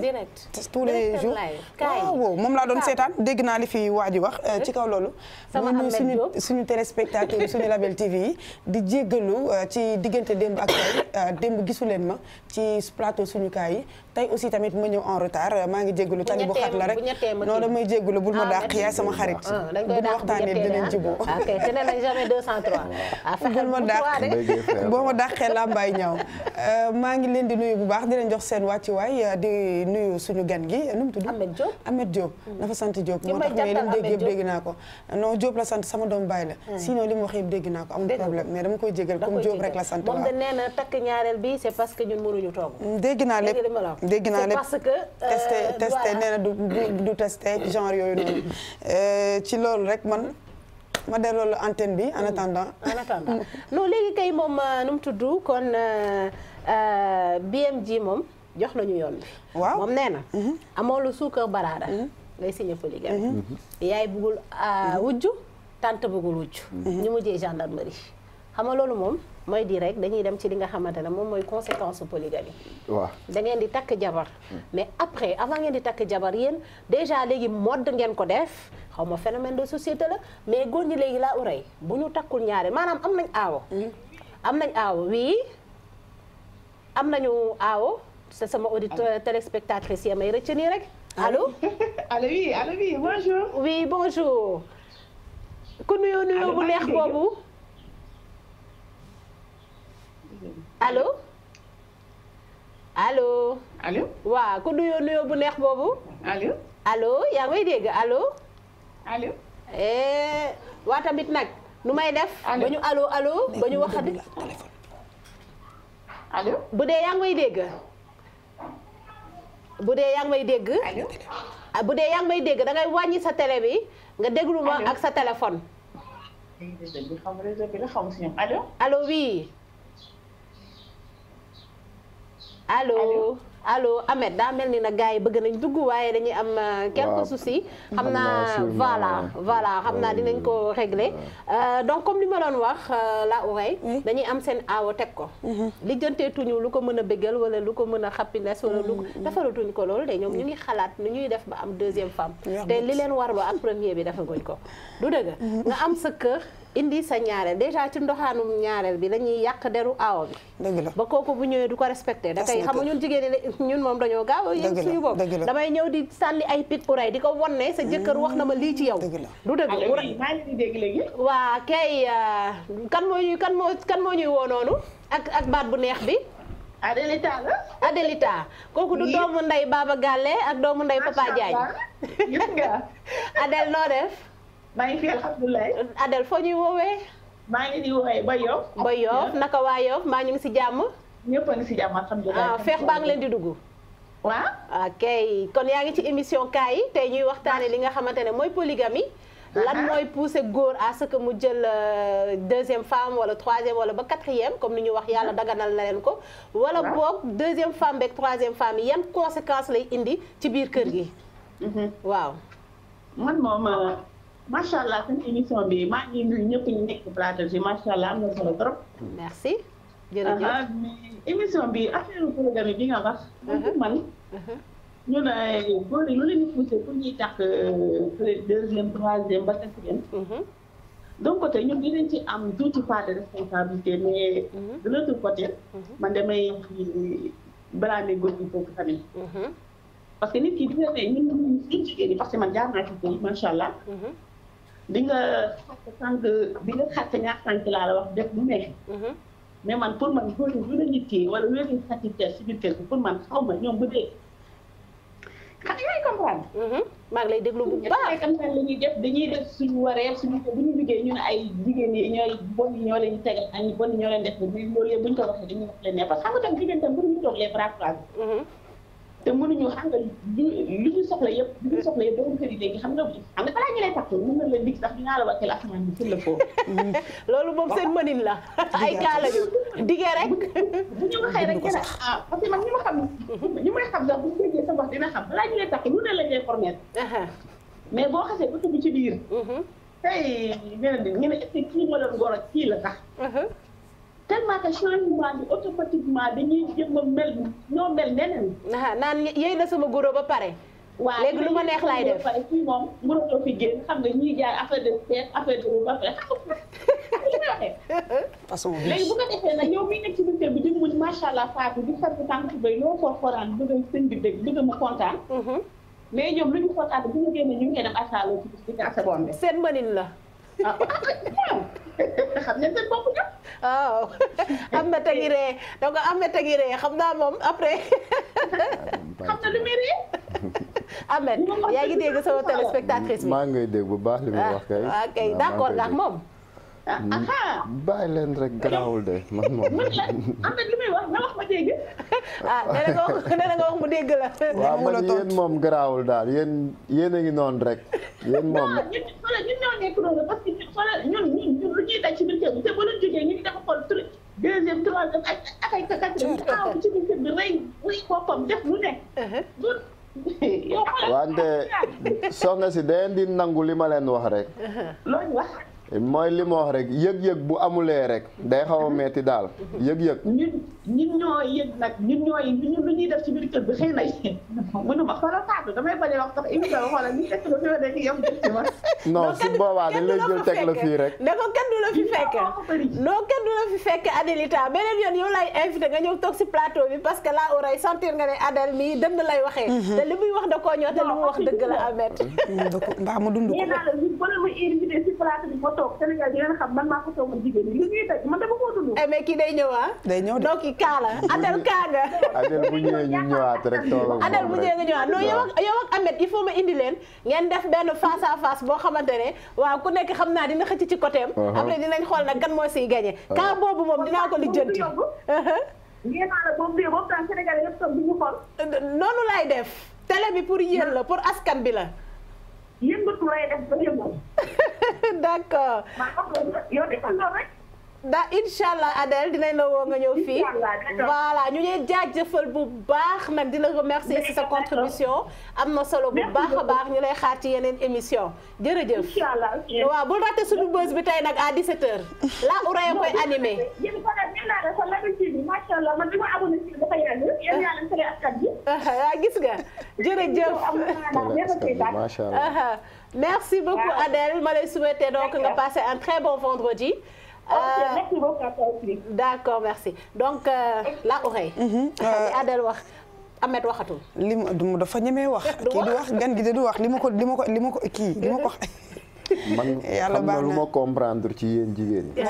tous les jours waaw moom laa doon seetaan dégg naa li fi waa ji wax eh, ci kaw loolu. sama ñu suñu suñu téléspectateur suñu Label TV yi di jéggalu eh, ci diggante démb ak tey eh, démb gisu leen ma ci plateau suñu kaay yi tey aussi tamit ma ñëw en retard maa ngi jéggalu tali bu xat la rek non damay jéggalu bul ma ah, dàq yaay sama xarit. Ah, bu ñu waxtaanee dinañ ah. jubóo. ok ce n'est jamais 203. bul ma dàq boo ma dàqee làmbaay ñaaw euh, maa ngi leen di nuyu bu baax di leen jox seen wàcc wàccuwaay euh, di nuyu suñu gan gi nu mu tudd Ahmed Diop Ahmed Diop mm. dafa sant Diop moo tax mais li dégg yëpp dégg naa ko non Diop la sant sama doom baay la mm. sinon li mu wax yëpp dégg naa ko amul problème mais dama koy jégal comme Diop rek la sant waaw moom da nee na takk ñaareel bi c'est parce mm, dégg naa lépp dégg naa lépp parce que euh, testé testé nee na du testé genre yooyu noonu ci loolu rek man ma delloo la antenne bi en attendant. noo attendant non léegi kay moom euh, nu mu tudd kon euh, euh, BMG moom jox nañu yoon bi. waaw moom nee na. Mhm. amoo lu suukar baraada. Mhm. ngay signé polygamie. Mhm. yaay bëggul wujju tante bëggul wujju. ñu mujjee gendarmerie. xam nga loolu moom mooy di rek dañuy dem ci li nga xamante ne moom mooy conséquence su polygamie. waaw da ngeen di takk jabar. mais après avant ngeen di takk jabar yéen déjà léegi mode ngeen ko def. xaw ma phénomène de société la mais góor ñi léegi laa urey bu ñu takkul ñaare maanaam am nañ aawo hmm. am nañ aawo wii am nañu aawo c'est sama auditeur téléspectatrice yi may retenir rek allo allo oui allo oui bonjour oui bonjour ku nuyoo nuyoo bu neex boobu allo allo allo waaw ku nuyoo nuyoo bu neex boobu allo allo yaa ngi dégg allo allo. Eh, waa tamit nag nu may def. ba ñu alo allo ba ñu wax. allo. bu dee yaa dégg. bu dee yaa ngi dégg. Ah, bu dee yaa ngi dégg da wàññi sa télé bi nga déglu ak sa téléphone. alo allo oui. allo. aloo Ahmed daa mel ni na gars yi bëgg nañ dugg waaye dañuy am euh, quelques soucis xam naa voilà voilà xam naa dinañ ko euh, régler euh, donc comme li ma doon wax la oreille dañuy am seen aawo teg ko mhm. lijjanteetuñu lu ko mën a bégal wala lu ko mën a happiness wala lu ko mhm. defaratuñ ko loolu de ñoom ñu mhm. ngi xalaat nu ñuy def ba am deuxième femme te li leen war warloo ak premier bi dafaguñ ko du dëgg nga am sa kër indi sa ñaareel déjà ci ndoxaanu ñaareel bi lañuy yàq deru aaw bi la ba kooku bu ñëwee du ko respecté da koy xam nga ñun jigéen ñi ñun moom dañoo gaaw a suñu bopp damay ñëw di sànni ay pic uray di ko won ne sa jëkkër wax na ma lii ci yow du dëgg waa kay euh, kan kan moo kan moo ñuy woonoonu ak ak baat bu neex bi Adelita kooku du doomu ndey Baba Galle ak doomu ndey Papa Diagne. gis Adel noo def. maa ngi fi alhamdulilah. Adel foo ñuy woowee. maa ngi nii woowee Mbaye Yoff. naka waa Yoff maa ñu ngi si jàmm. ñëpp a si jàmm alhamdulilah. ah feex baa ngi leen di dugg. waaw. ok kon yaa ngi ci émission kaay yi tey ñuy waxtaanee li nga xamante ne mooy polygamie. lan mooy pousser góor à que mu jël euh, deuxième femme wala troisième wala ba quatrième comme ni ñu wax yàlla daganal na leen ko. wala boog deuxième femme beeg troisième femme yi yan conséquences lay indi ci biir kër gi. Mhm. waaw. man moom. Euh, macha allah seen émission bi maa ngi nuyu ñëpp ñu nekk plateau bi macha allah am na solo trop. merci jërëjëf émission bi affaire polygamie bi nga wax. man ñu ne góor yi leen di pour ñuy takk euh, deuxième troisième ba quatrième. donc côté ñun dinañ ci am tuuti part de responsabilité mais. de l'autre côté. man damay blâmer góor ñi foofu tamit. parce que nit ki dina ne ñun que man jaar naa ci góor macha allah. li nga xàtte tànk bi nga xàtte ñaar tànk laa la wax def bu mhm. ne mais man pour man góor ñu la nit ki wala si biir suñu kër pour man xaw ma ñoom bu dee xam nga yaay comprendre mhm. maa ngi lay déglu bu ñu xam naa la ñuy def dañuy def suñu waree suñu ko bu ñu liggéey ñu ne ay jigéen yi ñooy bon yi ñoo leen tegal ay bon yi ñoo leen def bu bu ñu ko waxee dañuy wax leen ne parce que xam nga tam jigéen tam bu ñu toog les bras croisés te mënuñu xam nga li ñu soxla yëpp li ñu soxla yëpp borom yi léegi xam nga xam nga balaa ñu lay takk mën na leen dig bu ñu ah, que ma xam ñu may xam balaa ñu lay takk lu ne lañ lay former uh-huh. mais boo xasee ba dugg ci biir tey mm-hmm. beneen bi ñu ne est-ce que kii ma doon goro kii la sax uh-huh. tellement que changement bi automatiquement dañuy jëm a mel ñoo mel neneen. naan yéy na sama goro ba pare. waaw léegi lu ma neex laay def waaw fii de seet affaire de ba pare xam nga léegi bu nekk ci biir bi di muñ macha allah Fatou di far bu tànk bay loo ko foraan bëgg a sëñ bi dégg bëgg mu kontaan. Mhm. mais ñoom lu ñu kontaan bu ñu génnee ñu ngi koy dem ci biir bi. seen mënin la. ah xam nañ seen bopp am na tegi xam naa moom après. xam na lu muy ree. Ahmed yaa ngi dégg sama téléspectatrice maa ngi dégg bu baax li muy ah, kay. waaw ah, d'accord ndax moom. ah mm. bàyyi leen rek garaawul de man moom. man li muy wax nga wax ma dégg. ah nee nga wax mu dégg la. waaw man yéen moom garaawul daal yéen yéen a ngi noonu rek. yéen moom non ñun ñun ñoo nekk noonu parce que gi te bu leen jógee soxna si da di nangu li ma leen wax rek. looñu wax. mooy li ma rek yëg-yëg bu amulee rek day xaw a metti daal yëg-yëg. ñoo yëg nag ñun ñooy ñun lu ñuy def ci biir kër bi xëy na mënuma xoolal taatu damay bañ a wax sax émission bi xoolal ñu fekk la fi ma nekk yem ci ma. non su boobaa dañ lay jël teg la fii rek. ne ko kenn du la fi fekk non kenn du la fi fekk Adelita beneen yoon yow laay invité nga ñëw toog si plateau bi parce que la oreille sentir nga ne Adel mii dënd lay waxee. Mhm. te li muy wax da koo ñëw te li mu wax dëgg la Ahmed. mbaa mu dund ko. nee naa la ñu bëri mu invité si plateau bi ma toog Sénégal di ngeen xam man maa ko toogal jigéen ñi li ñuy daj man dama koo dund. Eh, mais kii day ñëw ah. day ñëw donc kii kaa la Adel kaa nga. Adel bu ñëwee nga ñëwaat non yow ak yow il faut ma indi leen ngeen def benn face à boo xamante ne waaw ku nekk xam naa dina xëcc ci côté am. Uh-huh. après dinañ xool nag gan moo siy gagné. kaa uh-huh. boobu moom dinaa ko lijjanti. ngeen uh-huh. naa la boobu boobu tam Sénégal yëpp toog du ñu xool. noonu laay def télé bi pour yéen la pour askan bi la. yëngatu lay def ba da incha allah Adel dinañ la woo nga ñëw fii voilà ñu ngi jaajëfal bu baax nag dina la remercier ci sa contribution am na solo bu baax a baax ñu lay xaar ci yeneen émission jërëjëf. incha allah waaw bul raté suñu bës bi tey nag à 17h. la Ouraya koy animé. yéen ah, ah, ah, gis nga jërëjëf. macha allah merci beaucoup Adel ma lay souhaiter donc nga passer un très bon vendredi. Euh, merci beaucoup donc euh, la oreille. Mhm. wax Ahmed waxatul. li mu dafa ñemee wax. kii du wax gan gi du wax li ma ko lima ko li ma ko kii li ma ko. man xam nga lu ma comprendre ci yéen jigéen ñi.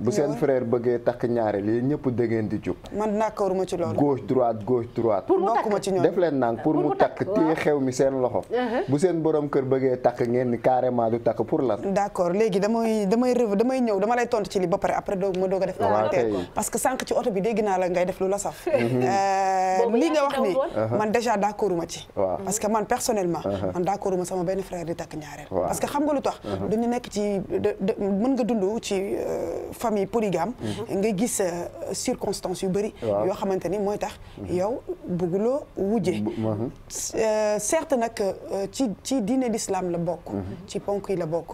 bu seen frère bëggee takk ñaareel yéen ñëpp da ngeen di jug. man nàkkawruma ci loolu. gauche droite gauche droite. pour mu takk ci ñoom def leen nang pour mu takk uh-huh. d' damay damay damay ñëw dama lay tontu ci li ba pare après doog doog a def. parce bi la saf. Mhm. Euh, li nga wax ni uh-huh. man déjà d' accorduma ci. parce que man personnellement. Uh-huh. man d' accorduma sama benn frère di takk ñaareel. parce que xam nga lu tax. dañu nekk ci mën nga dund ci euh, famille polygame mhm. nga gis euh, circonstances yu bëri yoo xamante ni mooy tax mhm. yow bëgguloo wujje mhm. euh, certes nag euh, ci ci diine l'islam la bokk ci ponk yi la bokk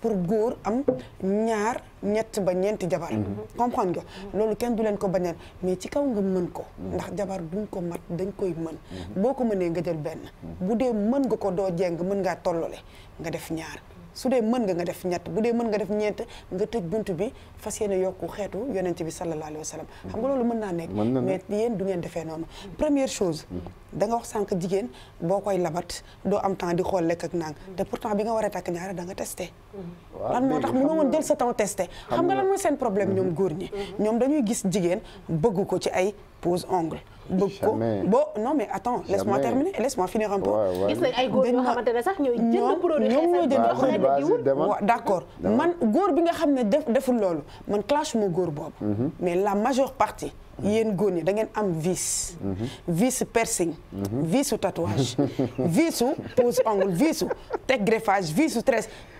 pour góor am ñaar ñett ba ñeenti jabar comprendre nga loolu kenn du leen ko bañal mais ci kaw nga mën ko ndax jabar duñ ko mat dañ koy mën boo ko mënee nga jël benn bu dee mën nga ko doo jeng mën ngaa tollole nga def ñaar su dee mën nga nga def ñett bu dee mën nga def ñeent nga tëj bunt bi fas yéene yokku xeetu yonent bi sallallahu alayhi wa sallam xam nga loolu mën naa nekk mais yéen du ngeen defee noonu première chose hmm. danga wax sànq jigéen boo koy labat doo am temps di xool lekk ak nang mm-hmm. te pourtant bi nga waree a takk ñaara da nga testé mm-hmm. lan moo tax mënoo woon jël sa temps teste xam nga lan mooy seen problème ñoom mm-hmm. góor ñi ñoom dañuy gis jigéen bëgg ko ci ay pose ongle bëgg ko bon non mais attends laisse-moi terminer laisse-moi finir un peu gis xamante ne sax ñooy jënd produit ñoom ñoo jënd waaw d'accord man góor bi nga xam ne def deful loolu man clash moo góor boobu mais la major partie yéen góor ñi da ngeen am vis. Mhm. visu piercing. Mhm. visu tatouage. visu pose ongle visu teg greffage visu tresse.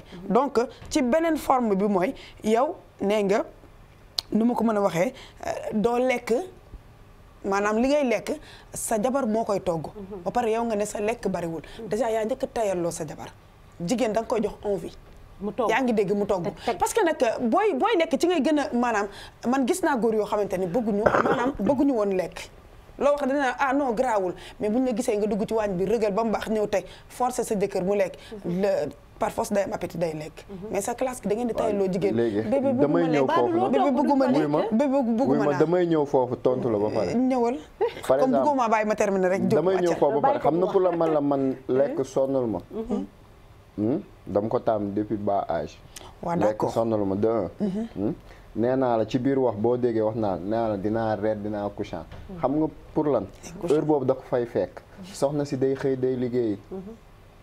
waxee donc ci beneen forme bi mooy yow nee nga nu ma ko mën a waxee euh, doo lekk maanaam li ngay lekk sa jabar moo koy togg mhm. ba pare yow nga ne sa lekk bariwul mhm. déjà yaa njëkk tayalloo sa jabar jigéen da nga koy jox envie mu togg yaa ngi dégg mu togg parce que nag euh, booy booy lekk ci ngay gën a maanaam man gis naa góor yoo xamante ni bëgguñu maanaam bëgguñu woon lekk loo wax dina ah non garaawul mais buñ la gisee nga dugg ci waañ bi rëgël ba mu baax ñëw tey forcer sa jëkkër mu lekk mhm. par force day am appétit day lekk. Mhm. mais sa classe da ngeen di tayloo jigéen. léegi damay ñëw foofu noonu bébé bëgguma lii bébé bëgguma naa damay ñëw foofu tontu la ba pare. ñëwal comme bëgguma bàyyi ma terminer rek. damay ñëw foofu ba pare xam na pour la man la man mhm. lekk sonnal ma. Mhm. Hmm? dama ko taam depuis bas âge. waaw d'accord lekk sonnal ma de hmm? nee naa la ci biir wax boo déggee wax naa naa la dinaa reer dinaa couchant. xam nga pour lan heure boobu da ko fay fekk. soxna si day xëy day liggéeyi.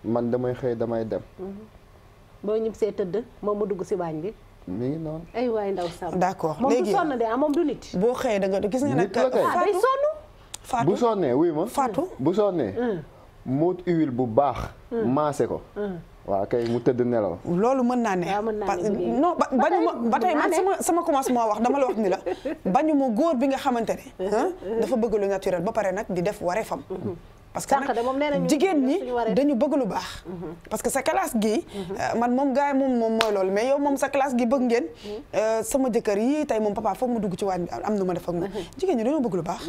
man damay xëy damay dem. Mm-hmm. boo ñib see tëdd moom mu dugg si waañ bi. mi noonu. ay waay ndaw Samb. d'accord léegi moom du sonn de ah moom du boo xëyee danga nga gis nga nag. ah day sonn. Fatou bu sonnee wuy ma. Fatou bu sonnee. moot mm. huile bu baax. Mm. maase ko. Mm. waaw kay mu tëdd nelaw. loolu mën naa ne. parce que non bañu ma ba tey man sama sama commencement wax dama la wax ni la bañu ma góor bi nga xamante ne. Ah, dafa bëgg lu naturel ba pare nag di def waree fam mm-hmm. parce que nag jigéen ñi dañu bëgg lu baax. Mhm. parce que sa classe gi. Mhm. Euh, man moom gars yi moom moom mooy loolu mais yow moom sa classe gi bëgg ngeen. Mhm. Euh, sama jëkkër yi tey moom papa foog mu dugg ci waañ bi am na ma def ak moom. jigéen ñi dañoo bëgg lu baax.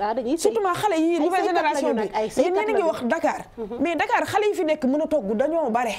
Ah, dañuy sëy surtout xale yi nouvelle génération bi yéen ñi ngi wax Dakar. mais Dakar xale yi fi nekk mën a togg dañoo bare.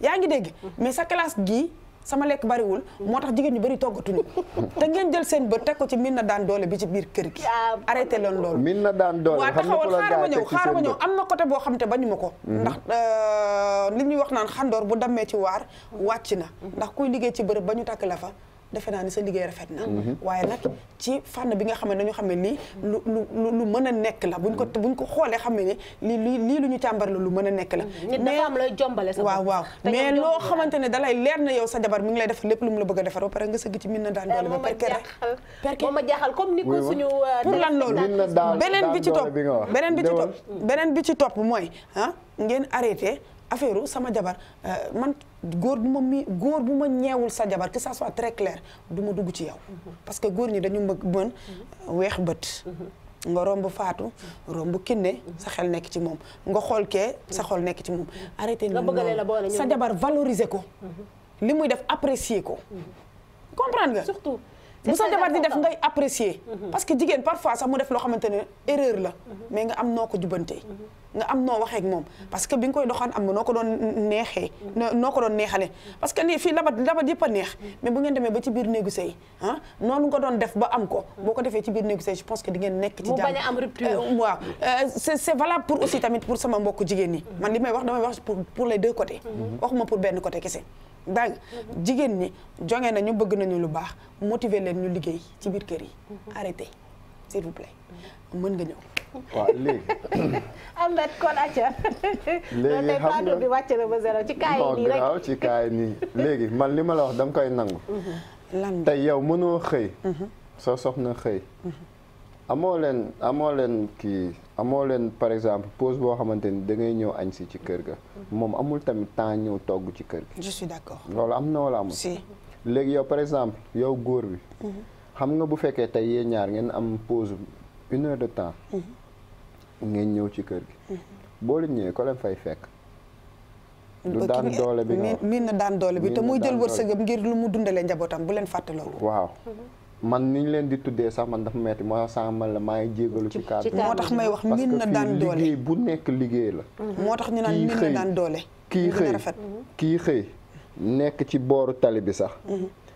yaa ngi dégg mais sa classe gi. sama lekk bariwul moo tax jigéen ñu bari toggatuñu te ngeen jël seen bët teg ko ci miin na daan doole bi ci biir kër gi arrêté leen loolu miin na daan doole waaw taxawal xaaral ma ñëw xaaral ma ñëw am na côté boo xam te bañuma ko mhm. ndax euh, li ñuy wax naan xandoor bu dammee ci waar mhm. wàcc na ndax kuy liggéey ci bërëb ba ñu takk la fa defe naa ni sa liggéey rafet na mhm. waaye nag ci fànn bi nga xam ne dañu xam ne lii lu lu lu mën a nekk la buñ ko mhm. buñ ko xoolee xam ne ne lii lii lii lu ñu càmbar la lu mën a nekk la mhm. waaw waaw mais loo xamante ne dalay leen na yow sa jabar mu ngi lay def lépp lu mu la bëgg a defar ba pare nga sëgg ci min na daan doole ba perke rek moom ma jaaxal comme ni ko suñu euh, pour lan loolu beneen bi ci topp beneen bi ci topp beneen bi ci topp mooy ah, ngeen arrêté affaire sama jabar euh, man góor bu ma mi góor bu ma ñeewul sa jabar que ça soit très clair du ma dugg ci yow. parce que góor ñi dañu mbëgg mën weex bët. nga romb faatu romb kinne sa xel nekk ci moom nga xool kee sa xool nekk ci moom. arrêté nañu sa jabar valoriser ko. li muy def apprécier ko. comprendre nga surtout. bu sa jabar di def ngay apprécier. Mhm. parce que jigéen parfois sax mu def loo xamante ne erreur la. Mhm. mais nga am noo ko jubantee. nga am noo waxee ak moom parce que bi nga koy doxaan am nga noo ko doon neexee mm. noo ko doon neexale parce que nii fii labat labat yëpp a neex mm. mais bu ngeen demee ba ci biir néegu sëy ah noonu nga doon def ba am ko mm. boo ko defee ci biir néegu sëy je pense que di ngeen nekk ci a euh, euh, pour aussi tamit pour sama mbokk jigéen ñi man li may wax damay wax pour pour les deux côtés mm-hmm. waxuma pour benn kese dégg mm-hmm. jigéen ñi jonge nañu bëgg nañu lu baax motiver leen ñu liggéey ci biir kër yi mm-hmm. arrêtez s'il vous plaît mën nga ñëw waaw léegi. am na kon acca. léegi xam nga bi wàcc na ba zéro ci kaay nii léegi man li ma la wax dama koy nangu. Mhm. lan tey yow mënoo xëy. Mhm. soo soxna xëy. Mhm. amoo leen amoo leen kii amoo leen par exemple pose boo xamante ni da ngay ñëw añ si ci kër ga. moom amul tamit temps ñëw togg ci kër gi. je suis loolu am na wala amul. si léegi yow par exemple yow góor bi. xam nga bu fekkee tey yee ñaar ngeen am pause une heure de temps. ngeen ñëw ci kër gi. Mm-hmm. boo leen ñëwee ko leen fay fekk. Mm-hmm. du daan doole bi nga miin daan doole bi te muy jël wërsëgam ngir lu mu dundalee njabootam bu leen fàtte waaw mm-hmm. man ni ñu leen di tuddee sax man dafa metti moo tax sax man la maa ngi jégalu ci kàddu moo tax may wax miin na daan doole parce bu nekk liggéey la. moo tax ñu naan miin doole. kii xëy kii xëy nekk ci booru tali bi sax.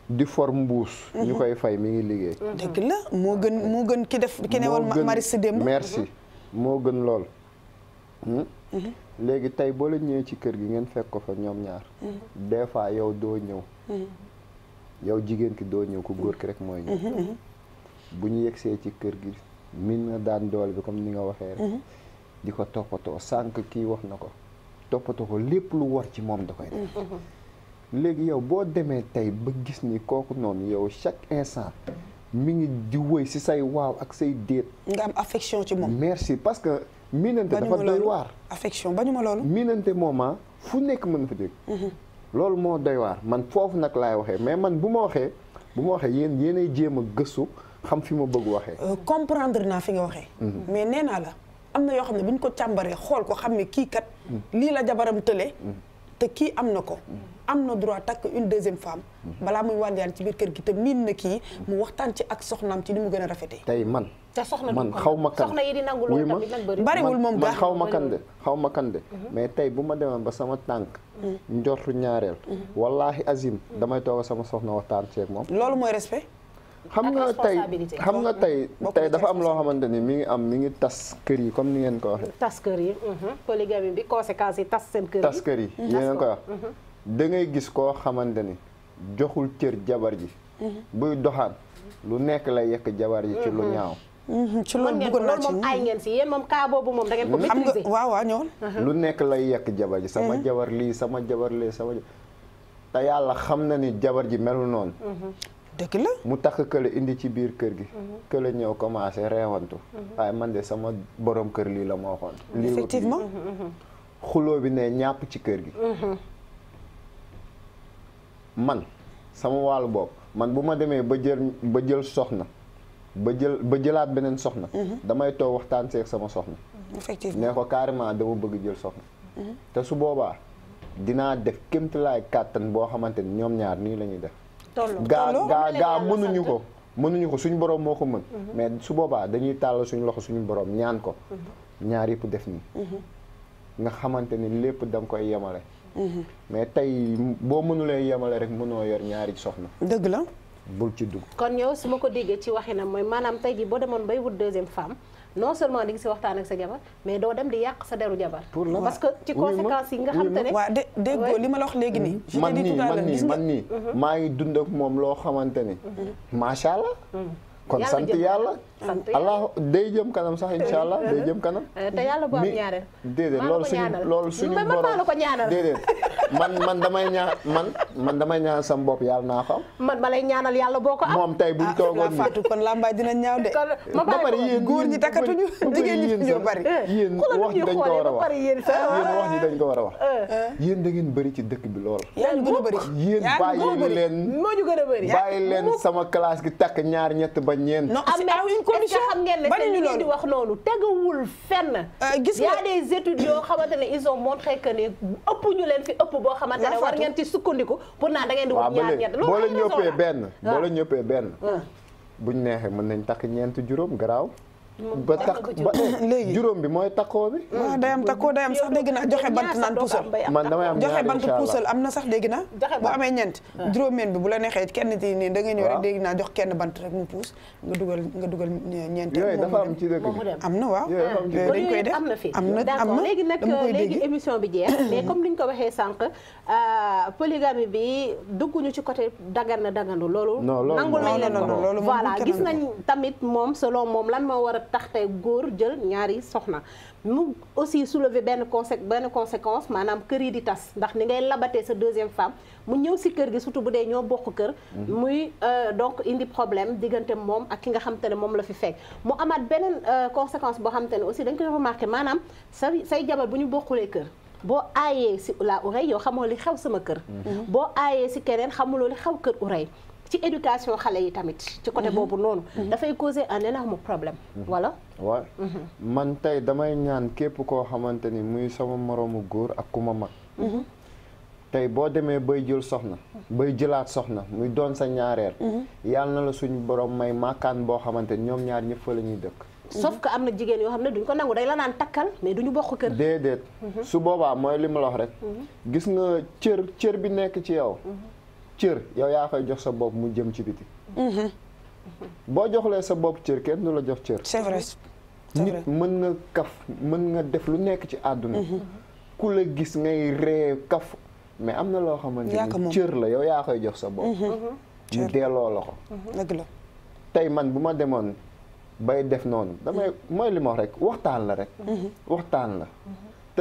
di for mbuus. ñu koy fay mi ngi liggéey. dëgg la moo gën moo gën ki def ki ne woon Maris Demba merci. moo gën lool. Hmm? Mhm. léegi tey boole ñëwee ci kër gi ngeen fekk ko fa ñoom ñaar. Mhm. des fois yow doo ñëw. Mhm. yow jigéen ki doo ñëw ku góor ki rek mooy ñëw. bu ñu yegsee ci kër gi min na daan doole bi comme ni nga waxee rek. di ko toppatoo sànq kii wax na ko. toppatoo ko lépp lu war ci moom da koy def. léegi yow boo demee tey ba gis ni kooku noonu yow chaque instant. mi ngi di wëy si say waaw ak say déet. nga am affection ci moom. merci parce que. miinante dafa doy waar. affection bañu ma loolu. miinante moom fu nekk mën na fa dégg. Mhm. loolu moo doy man foofu nag laay waxee mais man bu ma waxee bu ma waxee yéen ay jéem a gëstu xam fi ma bëgg waxee. Euh, comprendre naa fi nga waxee. Mhm. mais nee naa la am na yoo xam ne bu ñu ko càmbaree xool ko xam ne kii kat. Mhm. lii la jabaram tële. te kii am na ko. am na droit takk une deuxième femme balaa muy wàndiyaan ci biir kër gi te miin na kii mu waxtaan ci ak soxnaam ci ni mu gën a rafetee tey man te soxna man xaw ma kan soxna yi di nangu loolu tamit nag bëri bariwul moom man xaw ma kan de xaw ma kan de mhm. mais tey bu ma demoon ba sama tànk mhm. njortu ñaareel mhm. wallaahi azim damay toog sama soxna waxtaan ceeg moom loolu mooy respect xam nga tey xam nga tey tey dafa am loo xamante ni mi ngi am mu ngi tas kër yi comme ni ngeen ko waxee tas kër yi polygamie bi conséquences yi tas seen kër kër yi yéen ko wax da ngay gis koo xamante ni joxul cër jabar ji mm-hmm. buy doxaan lu nekk la yekk jabar ji ci lu mm-hmm. ñaaw mm-hmm. ci loolu bëggoon naa ci ay ngeen si yéen moom kaa boobu moom da ko maîtriser waaw nekk lay yekk jabar ji sama jabar lii sama jabar lee sama te yàlla xam na ni jabar ji melu noonu dëgg la mu takk kële indi ci biir kër gi kële ñëw commencé reewantu waaye man de sama borom kër lii la ma waxoon xuloo bi ne ñàpp ci kër gi man sama wàllu bopp man bu ma demee ba jël ba jël soxna ba jël ba jëlaat beneen soxna. Mhm. damay toog waxtaan seeg sama soxna. effectivement ne ko carrément dama bëgg jël soxna. Mhm. te su boobaa dinaa def kéemtalaay kàttan boo xamante ni ñoom ñaar nii lañuy def. tolloo gaa gaa gaa mënuñu ko. mënuñu ko suñu borom moo ko mën. Mhm. mais su boobaa dañuy tàll suñu loxo suñu boroom ñaan ko. ñaar yëpp def nii. nga xamante ni lépp da koy yemale. Mm-hmm. mais tey boo mënulee yemale rek mënoo yor ñaari soxna. dëgg la. bul ci dugg. kon yow su ma ko déggee ci waxinam mooy maanaam tey jii boo demoon bay wut deuxième femme non seulement di nga si waxtaan ak sa jabar mais doo dem di yàq sa deru jabar. pour la parce que ci conséquences yi nga xam te ne. waaw dé déggoo li ma la wax léegi nii. man nii man nii man nii maa ngi dund ak moom loo xamante ni. Mm-hmm. macha allah. Mm-hmm. kon sant yàlla. sant allah day jëm kanam sax incha allah day jëm kanam. Eh, te yàlla bu am ñaareel. déedéet loolu suñu loolu suñu borom la ko ñaanal déedéet man man damay ñaan man man damay ñaanal sama bopp yàlla naa ko am. man ma lay ñaanal yàlla boo ko am. moom tey bu ñu ah, toogoon nii kon làmbaay dina ñaaw de. ma pare góor ñi takkatuñu jigéen ñi ñoo bari. yéen wax ji dañ ko war a wax yéen wax ji dañ ko war a wax. yéen da ngeen bëri ci dëkk bi lool. Eh, yaa ngi gën a bëri yéen bàyyi leen moo ñu gën a bëri bàyyi leen sama classe gi takk ñaar ñett ba ñeent commission xam ngeen ne seen di wax noonu tegawul fenn euh, gis nga y a des études yoo xamante ne ils ont montré que ne ëpp ñu leen fi ëpp boo xamante war ngeen ci sukkandiku pour naa da ngeen di wut ñaar ñett loolu boo la ñëppee benn boo ah. la ñëppee benn ah. buñ neexee mën nañ takk ñeent juróom garaaw ba takk ba léegi juróom bi mooy takkoo bi. waaw mm. ah, day takkoo day sax dégg naa joxe bant naan puusal. joxe bant puusal am na sax dégg naa. bu amee ñeent. Ah. juróomeen bi bu la neexee kenn ci nii da ngay ñëw rek dégg naa jox kenn bant rek mu puus nga dugal nga dugal ñeent. yooyu dafa am ci dëkk bi am na waaw. yooyu dañ koy def am na fi am na am léegi nag léegi émission bi jeex. mais comme ni ñu ko waxee sànq euh, polygamie bi dugguñu ci côté dagan na daganu loolu. non loolu nangul nañ leen ko voilà gis nañ tamit moom selon moom lan moo war a tax tey góor jël ñaari soxna mu aussi soulever benn conse benn conséquence maanaam kër yi di tas ndax ni ngay labatee sa deuxième femme mu ñëw si kër gi surtout bu dee ñoo bokk kër mhm. muy euh, donc indi problème diggante moom ak ki nga xam te ne moom la fi fekk mu amaat beneen euh, conséquence boo xam te ne aussi dañ koy remarqué maanaam sa say jabar bu ñu bokkulee kër boo aayee si la urey yow xamoo li xew sama kër mhm. boo aayee si keneen xamuloo li xew kër urey ci éducation xale yi tamit. ci côté mhm. boobu noonu. Mhm. dafay causer un énorme problème. Mhm. voilà. waaw man tey damay ñaan képp koo xamante ni muy sama moroomu góor ak ku ma mag. tey boo demee bay jël soxna. bay jëlaat soxna muy doon sa ñaareel. yàlla na la suñu borom may maakaan boo xamante ni ñoom ñaar ñëpp fa la ñuy dëkk. sauf que am na jigéen yoo xam ne duñ ko nangu day la naan takkal mais duñu bokk kër. déedéet su boobaa mooy li ma la wax rek. gis nga cër cër bi nekk ci yow. cër yow yaa fay jox sa bopp mu jëm ci biti mhm. boo joxlee sa bopp cër kenn du la jox cër c'est vrai nit mën nga kaf mën nga def lu nekk ci àdduna mhm. ku la gis ngay ree kaf mais am na loo xamante ni cër la yow yaa koy jox sa bopp mhm. ñu delloo la ko dëgg man bu ma demoon bay def noonu damay mooy li ma wax waxtaan la rek waxtaan la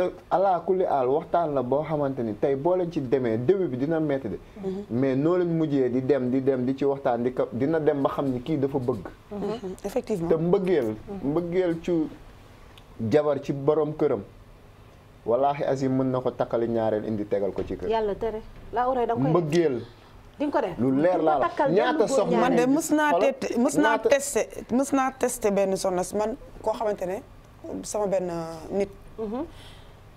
te allah kulli waxtaan la boo xamante ni tey boo leen ci demee début bi dina metti de. Mhm. mais noo leen mujjee di dem di dem di ci waxtaan di dina dem ba xam ni kii dafa bëgg. Mhm. effectivement te mbëggeel. Mhm. ci jabar ci borom këram. walaahi azim mën na ko takkali ñaareel indi tegal ko ci kër. yàlla tere laa ko def lu leer laa la ñaata soxna man de mës naa te mës naa testé mës naa testé benn soxna man koo xamante ne sama benn nit.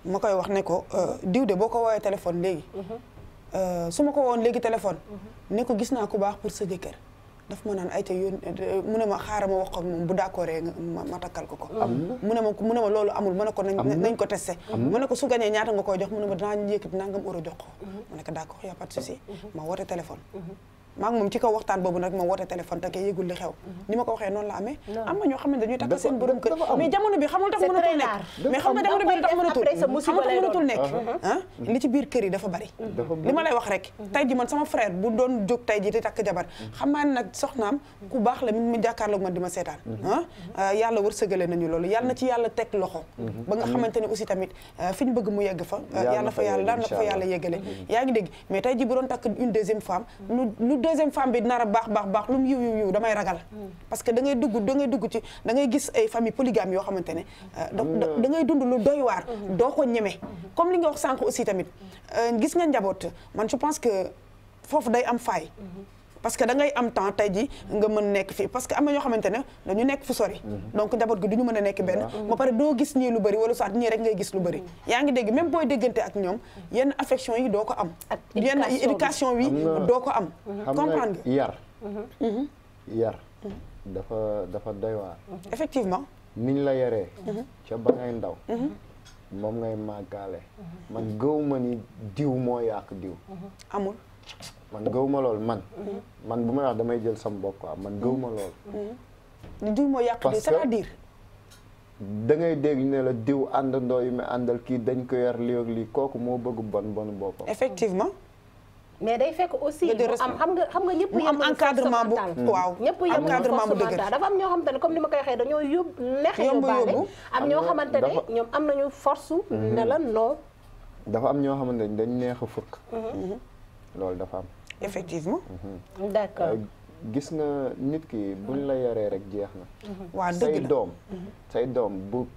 ma koy wax ne ko euh, diw de boo ko woowee téléphone léegi. Mhm. Euh, su ma ko woon léegi téléphone. Mhm. ne ko gis naa ku baax pour sa jëkkër. daf ma naan ay te yoon euh, mu ne ma xaaral ma wax ko moom bu d'accord ma takkal ko ko. Mhm. mu ne ma mu ne ma loolu amul ma ne ko nañ nañ ko testé. ma ne ko su gañee ñaata nga koy jox mu ne ma dinaa yëkkati nangam euro jox ma ne ko d'accord y a pas de souci. ma woote téléphone. maa ngi moom ci kaw waxtaan boobu nag ma woote téléphone te kay yëgul li xew mhm. ni ma ko waxee noonu la amee am na ñoo xam ne dañuy takk seen borom kër mais jamono bi xamul tax mënatul nekk uh-huh. ah, li ci biir kër yi dafa bari li ma lay wax rek uh-huh. tey ji man sama frère bu doon jóg tey ji di takk jabar uh-huh. xam nag soxnaam ku baax la mi mu jàkkaarloog man di ma seetaan ah, ah yàlla wërsëgale nañu loolu yàlla na ci yàlla teg loxo ba nga xamante ne aussi tamit ah, fi ñu bëgg mu yegg fa yàlla fa yàlla daan na fa yàlla deuxième femme bi nar a baax baax baax lu mu yiw yiw yiw damay ragal hmm. parce que da ngay dugg da ngay dugg ci da ngay gis ay famille polygame yoo xamante ne euh, hmm. da ngay dund lu doy waar hmm. doo ko ñeme comme li nga wax sànq aussi tamit euh, gis nga njaboot man je pense que foofu day am faay parce que da ngay am temps tey ji nga mën nekk fii parce que am na ñoo xamante ne dañu nekk fu sori mhm. donc njaboot gi du ñu mën a nekk benn ba pare doo gis ñii lu bëri wala soit ñii rek ngay gis lu bëri mhm. yaa ngi dégg même booy déggante ak ñoom mhm. yenn affection yi doo ko am yenn éducation yi doo ko am comprendre nga yar yar dafa dafa doy waar effectivement niñ la yaree ca ba ngay ndaw moom ngay màggaale man gëw ma ni diw moo yàq diw amul man gëw ma lool man. Mhm. man bu may wax damay jël sam bopp quoi man gëw ma lool. li mhm. diw moo yàq di c'est-à-dire. da ngay dégg ne la diw àndandoo yu àndal kii dañ ko yar lii ak kooku moo bëgg bon bon boppam. effectivement. mais day fekk aussi am xam nga xam nga ñëpp am encadrement bu waaw mm. ñëpp yem encadrement bu dëgër am ñoo xamante ne comme ni ma koy waxee dañoo yóbbu neex yóbbaale am ñoo xamante ne ñoom am nañu force mhm. ne la non dafa am ñoo xamante ne dañ neex a fukk loolu dafa am effectivement. Mhm. d'accord euh, gis nga nit ki buñ la yoree rek jeex na. Mhm. waa say doom. Mhm. say doom bu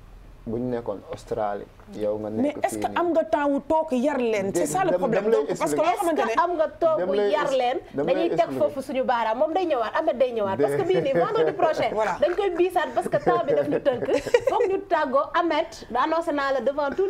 buñ nekkoon Australie. yow nga nekk mais est-ce que am nga temps toog yar leen. c'est ça le problème donc parce que loo xamante am nga toog yar leen. dañuy teg foofu suñu baaraam moom day ñëwaat Ameth day ñëwaat. parce que bii nii vendredi prochain. dañ parce que ñu tënk. foog ñu tàggoo Ameth annoncé naa la devant tous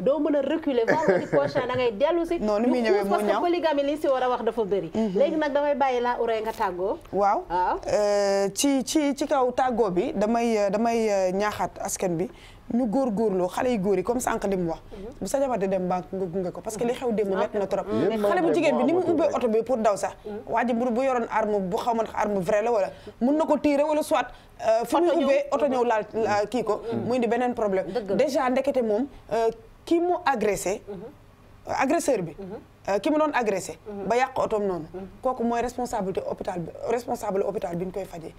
doo mën a reculer vendredi ngay dellu si. non ni muy ñëwee moo ñaaw parce que polygamie li si war a wax dafa bëri. Mhm. léegi nag damay bàyyi laa urée nga tàggoo. waaw ah. euh, ci ci ci kaw tàggoo bi damay damay euh, ñaaxaat askan bi ñu góor góorgóorloo xale yu góor yi comme sànq li mu wax bu sa jabar dem banque nga gunge ko parce que li xew démb métti na trop xale bu jigéen bi ni mu ubbee oto bi pour daw sax mm. waa ji bu yoroon arme bu xaw man arme vrai la wala mun na ko tiire wala soit euh, fi mu ubbee oto ñëw laal mm. kii ko mm. muy di beneen problème déjà ndekete moom euh, kii mu agressé mm-hmm. agresseur bi mm-hmm. euh, ki mu doon agressé mm-hmm. ba yàq otoom noonu kooku mooy responsabilité hôpital bi responsable hôpital bi ñu koy fajee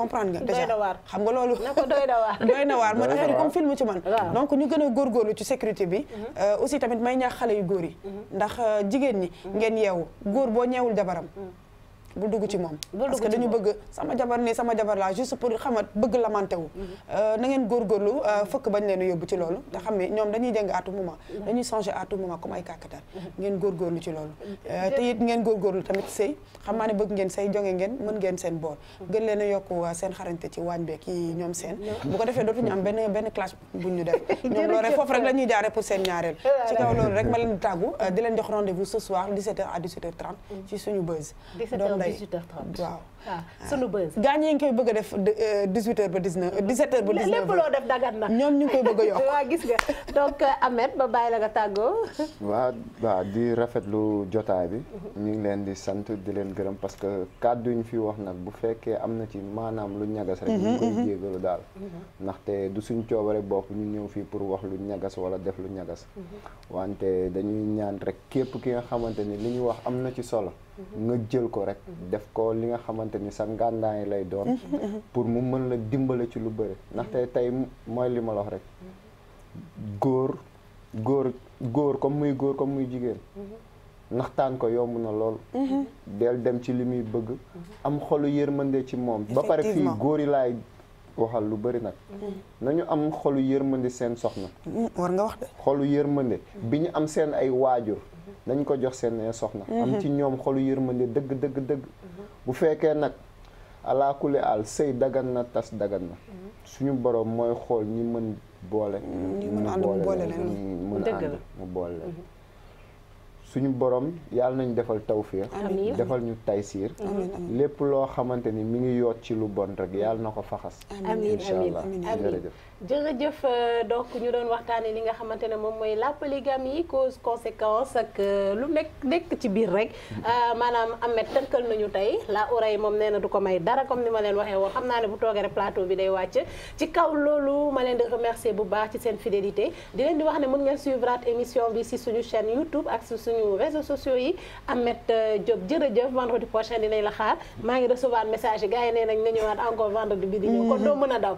comprendre nga déjà xam nga loolu doy na waar doy na waar man affaire comme film ci man donc ñu gën a góorgóorlu ci sécurité bi mhm. euh, aussi tamit may ñaax xale yu góor yi mhm. ndax euh, jigéen ñi mhm. ngeen yeewu góor boo ñeewul jabaram bu dugg ci moom parce que dañu bëgg sama jabar nii sama jabar laa juste pour xamat bëgg lamante wu mhm. euh, na ngeen euh, fëkk bañ leen a yóbbu ci loolu te xam ne ñoom dañuy jàng à tout moment mhm. dañuy changer à tout moment comme ay kàkkatar mhm. ngeen góorgóorlu ci loolu euh, te it ngeen góorgóorlu tamit sëy xam naa ne bëgg ngeen sëy jonge ngeen mën ngeen seen boor gën leen a yokku seen xarañte ci waañ beek yi ñoom seen bu ko defee dootuñu am benn benn clash buñ ñu def ñoom loolu rek foofu 18h30 waaw. waaw ah, ah. sunu bës. gaañ yi ngi koy bëgg a def 18h euh, ba 19 17h euh, ba 19h lépp loo def dagat na ñoom ñu ngi koy bëgg a yokk. waaw gis nga donc euh, Ahmed ba bàyyi la nga tàggoo. waaw waaw di rafetlu jotaay bi. Mhm. ñu ngi leen di sant di leen gërëm parce que kàddu yi ñu fi wax nag bu fekkee am na ci maanaam lu ñagas rek. ñu koy mhm, mhm, jégalu daal. ndaxte du suñ coobare bopp ñu ñëw fii pour wax lu ñagas wala def lu ñagas. wante dañuy ñaan rek képp ki nga xamante ni li ñu wax am na ci solo. nga jël ko rek def ko li nga xamante ni sa ngàndaay lay doon pour mu mën la dimbale ci lu bëri ndaxte tey mooy li ma rek góor góor góor comme muy góor comme muy jigéen naxtaan ko yomb na lool del dem ci li muy bëgg am xolu yërmande ci moom ba pare fii góor yi laay waxal lu bëri nag nañu am xolu yërmande seen soxna war nga wax de xolu yërmande bi ñu am seen ay waajur nañ ko jox seen soxna. Mhm. am ci ñoom xolu yërmande dëgg dëgg dëgg. Mhm. bu fekkee nag alaa àll aal sëy dagan na tas dagan mhm. suñu borom mooy xool ñi mën boole. ñi mu boole leen mu boole leen. suñu boroom yàlla nañ defal tawfiix defal ñu taysiir lépp loo xamante ni mu ngi yoot ci lu bon rek yàlla na ko faxas amiin amiin incha def jërëjëf euh, donc ñu doon waxtaanee li nga xamante ne moom mooy la polygamie cause conséquence ak euh, lu nekk nekk ci biir rek euh, maanaam am Ameth tënkal nañu tey la oreille moom nee na du ko may dara comme ni ma leen waxee woon xam naa ne bu toogee rek plateau bi day wàcc ci kaw loolu ma leen di remercier bu baax ci seen fidélité di leen di wax ne mën ngeen suivre émission bi si suñu chaîne YouTube ak si suñu réseaux sociaux yi Ameth Diop jërëjëf vendredi prochain dinañ la xaar maa ngi recevoir message yi gars yi nee nañ nga ñëwaat encore vendredi bi di ñëw kon mën a daw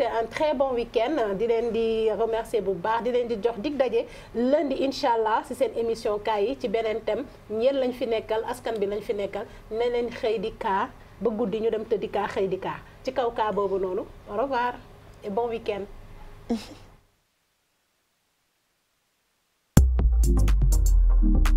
souhaiter un très bon week di leen di remercier bu baax di leen di jox dig daje lundi incha allah si seen émission kaay yi ci beneen thème ñeen lañ fi nekkal askan bi lañu fi nekkal ne leen xëy di kaa ba guddi ñu dem tëddi kaa xëy di kaa ci kaw kaa boobu noonu au revoir bon week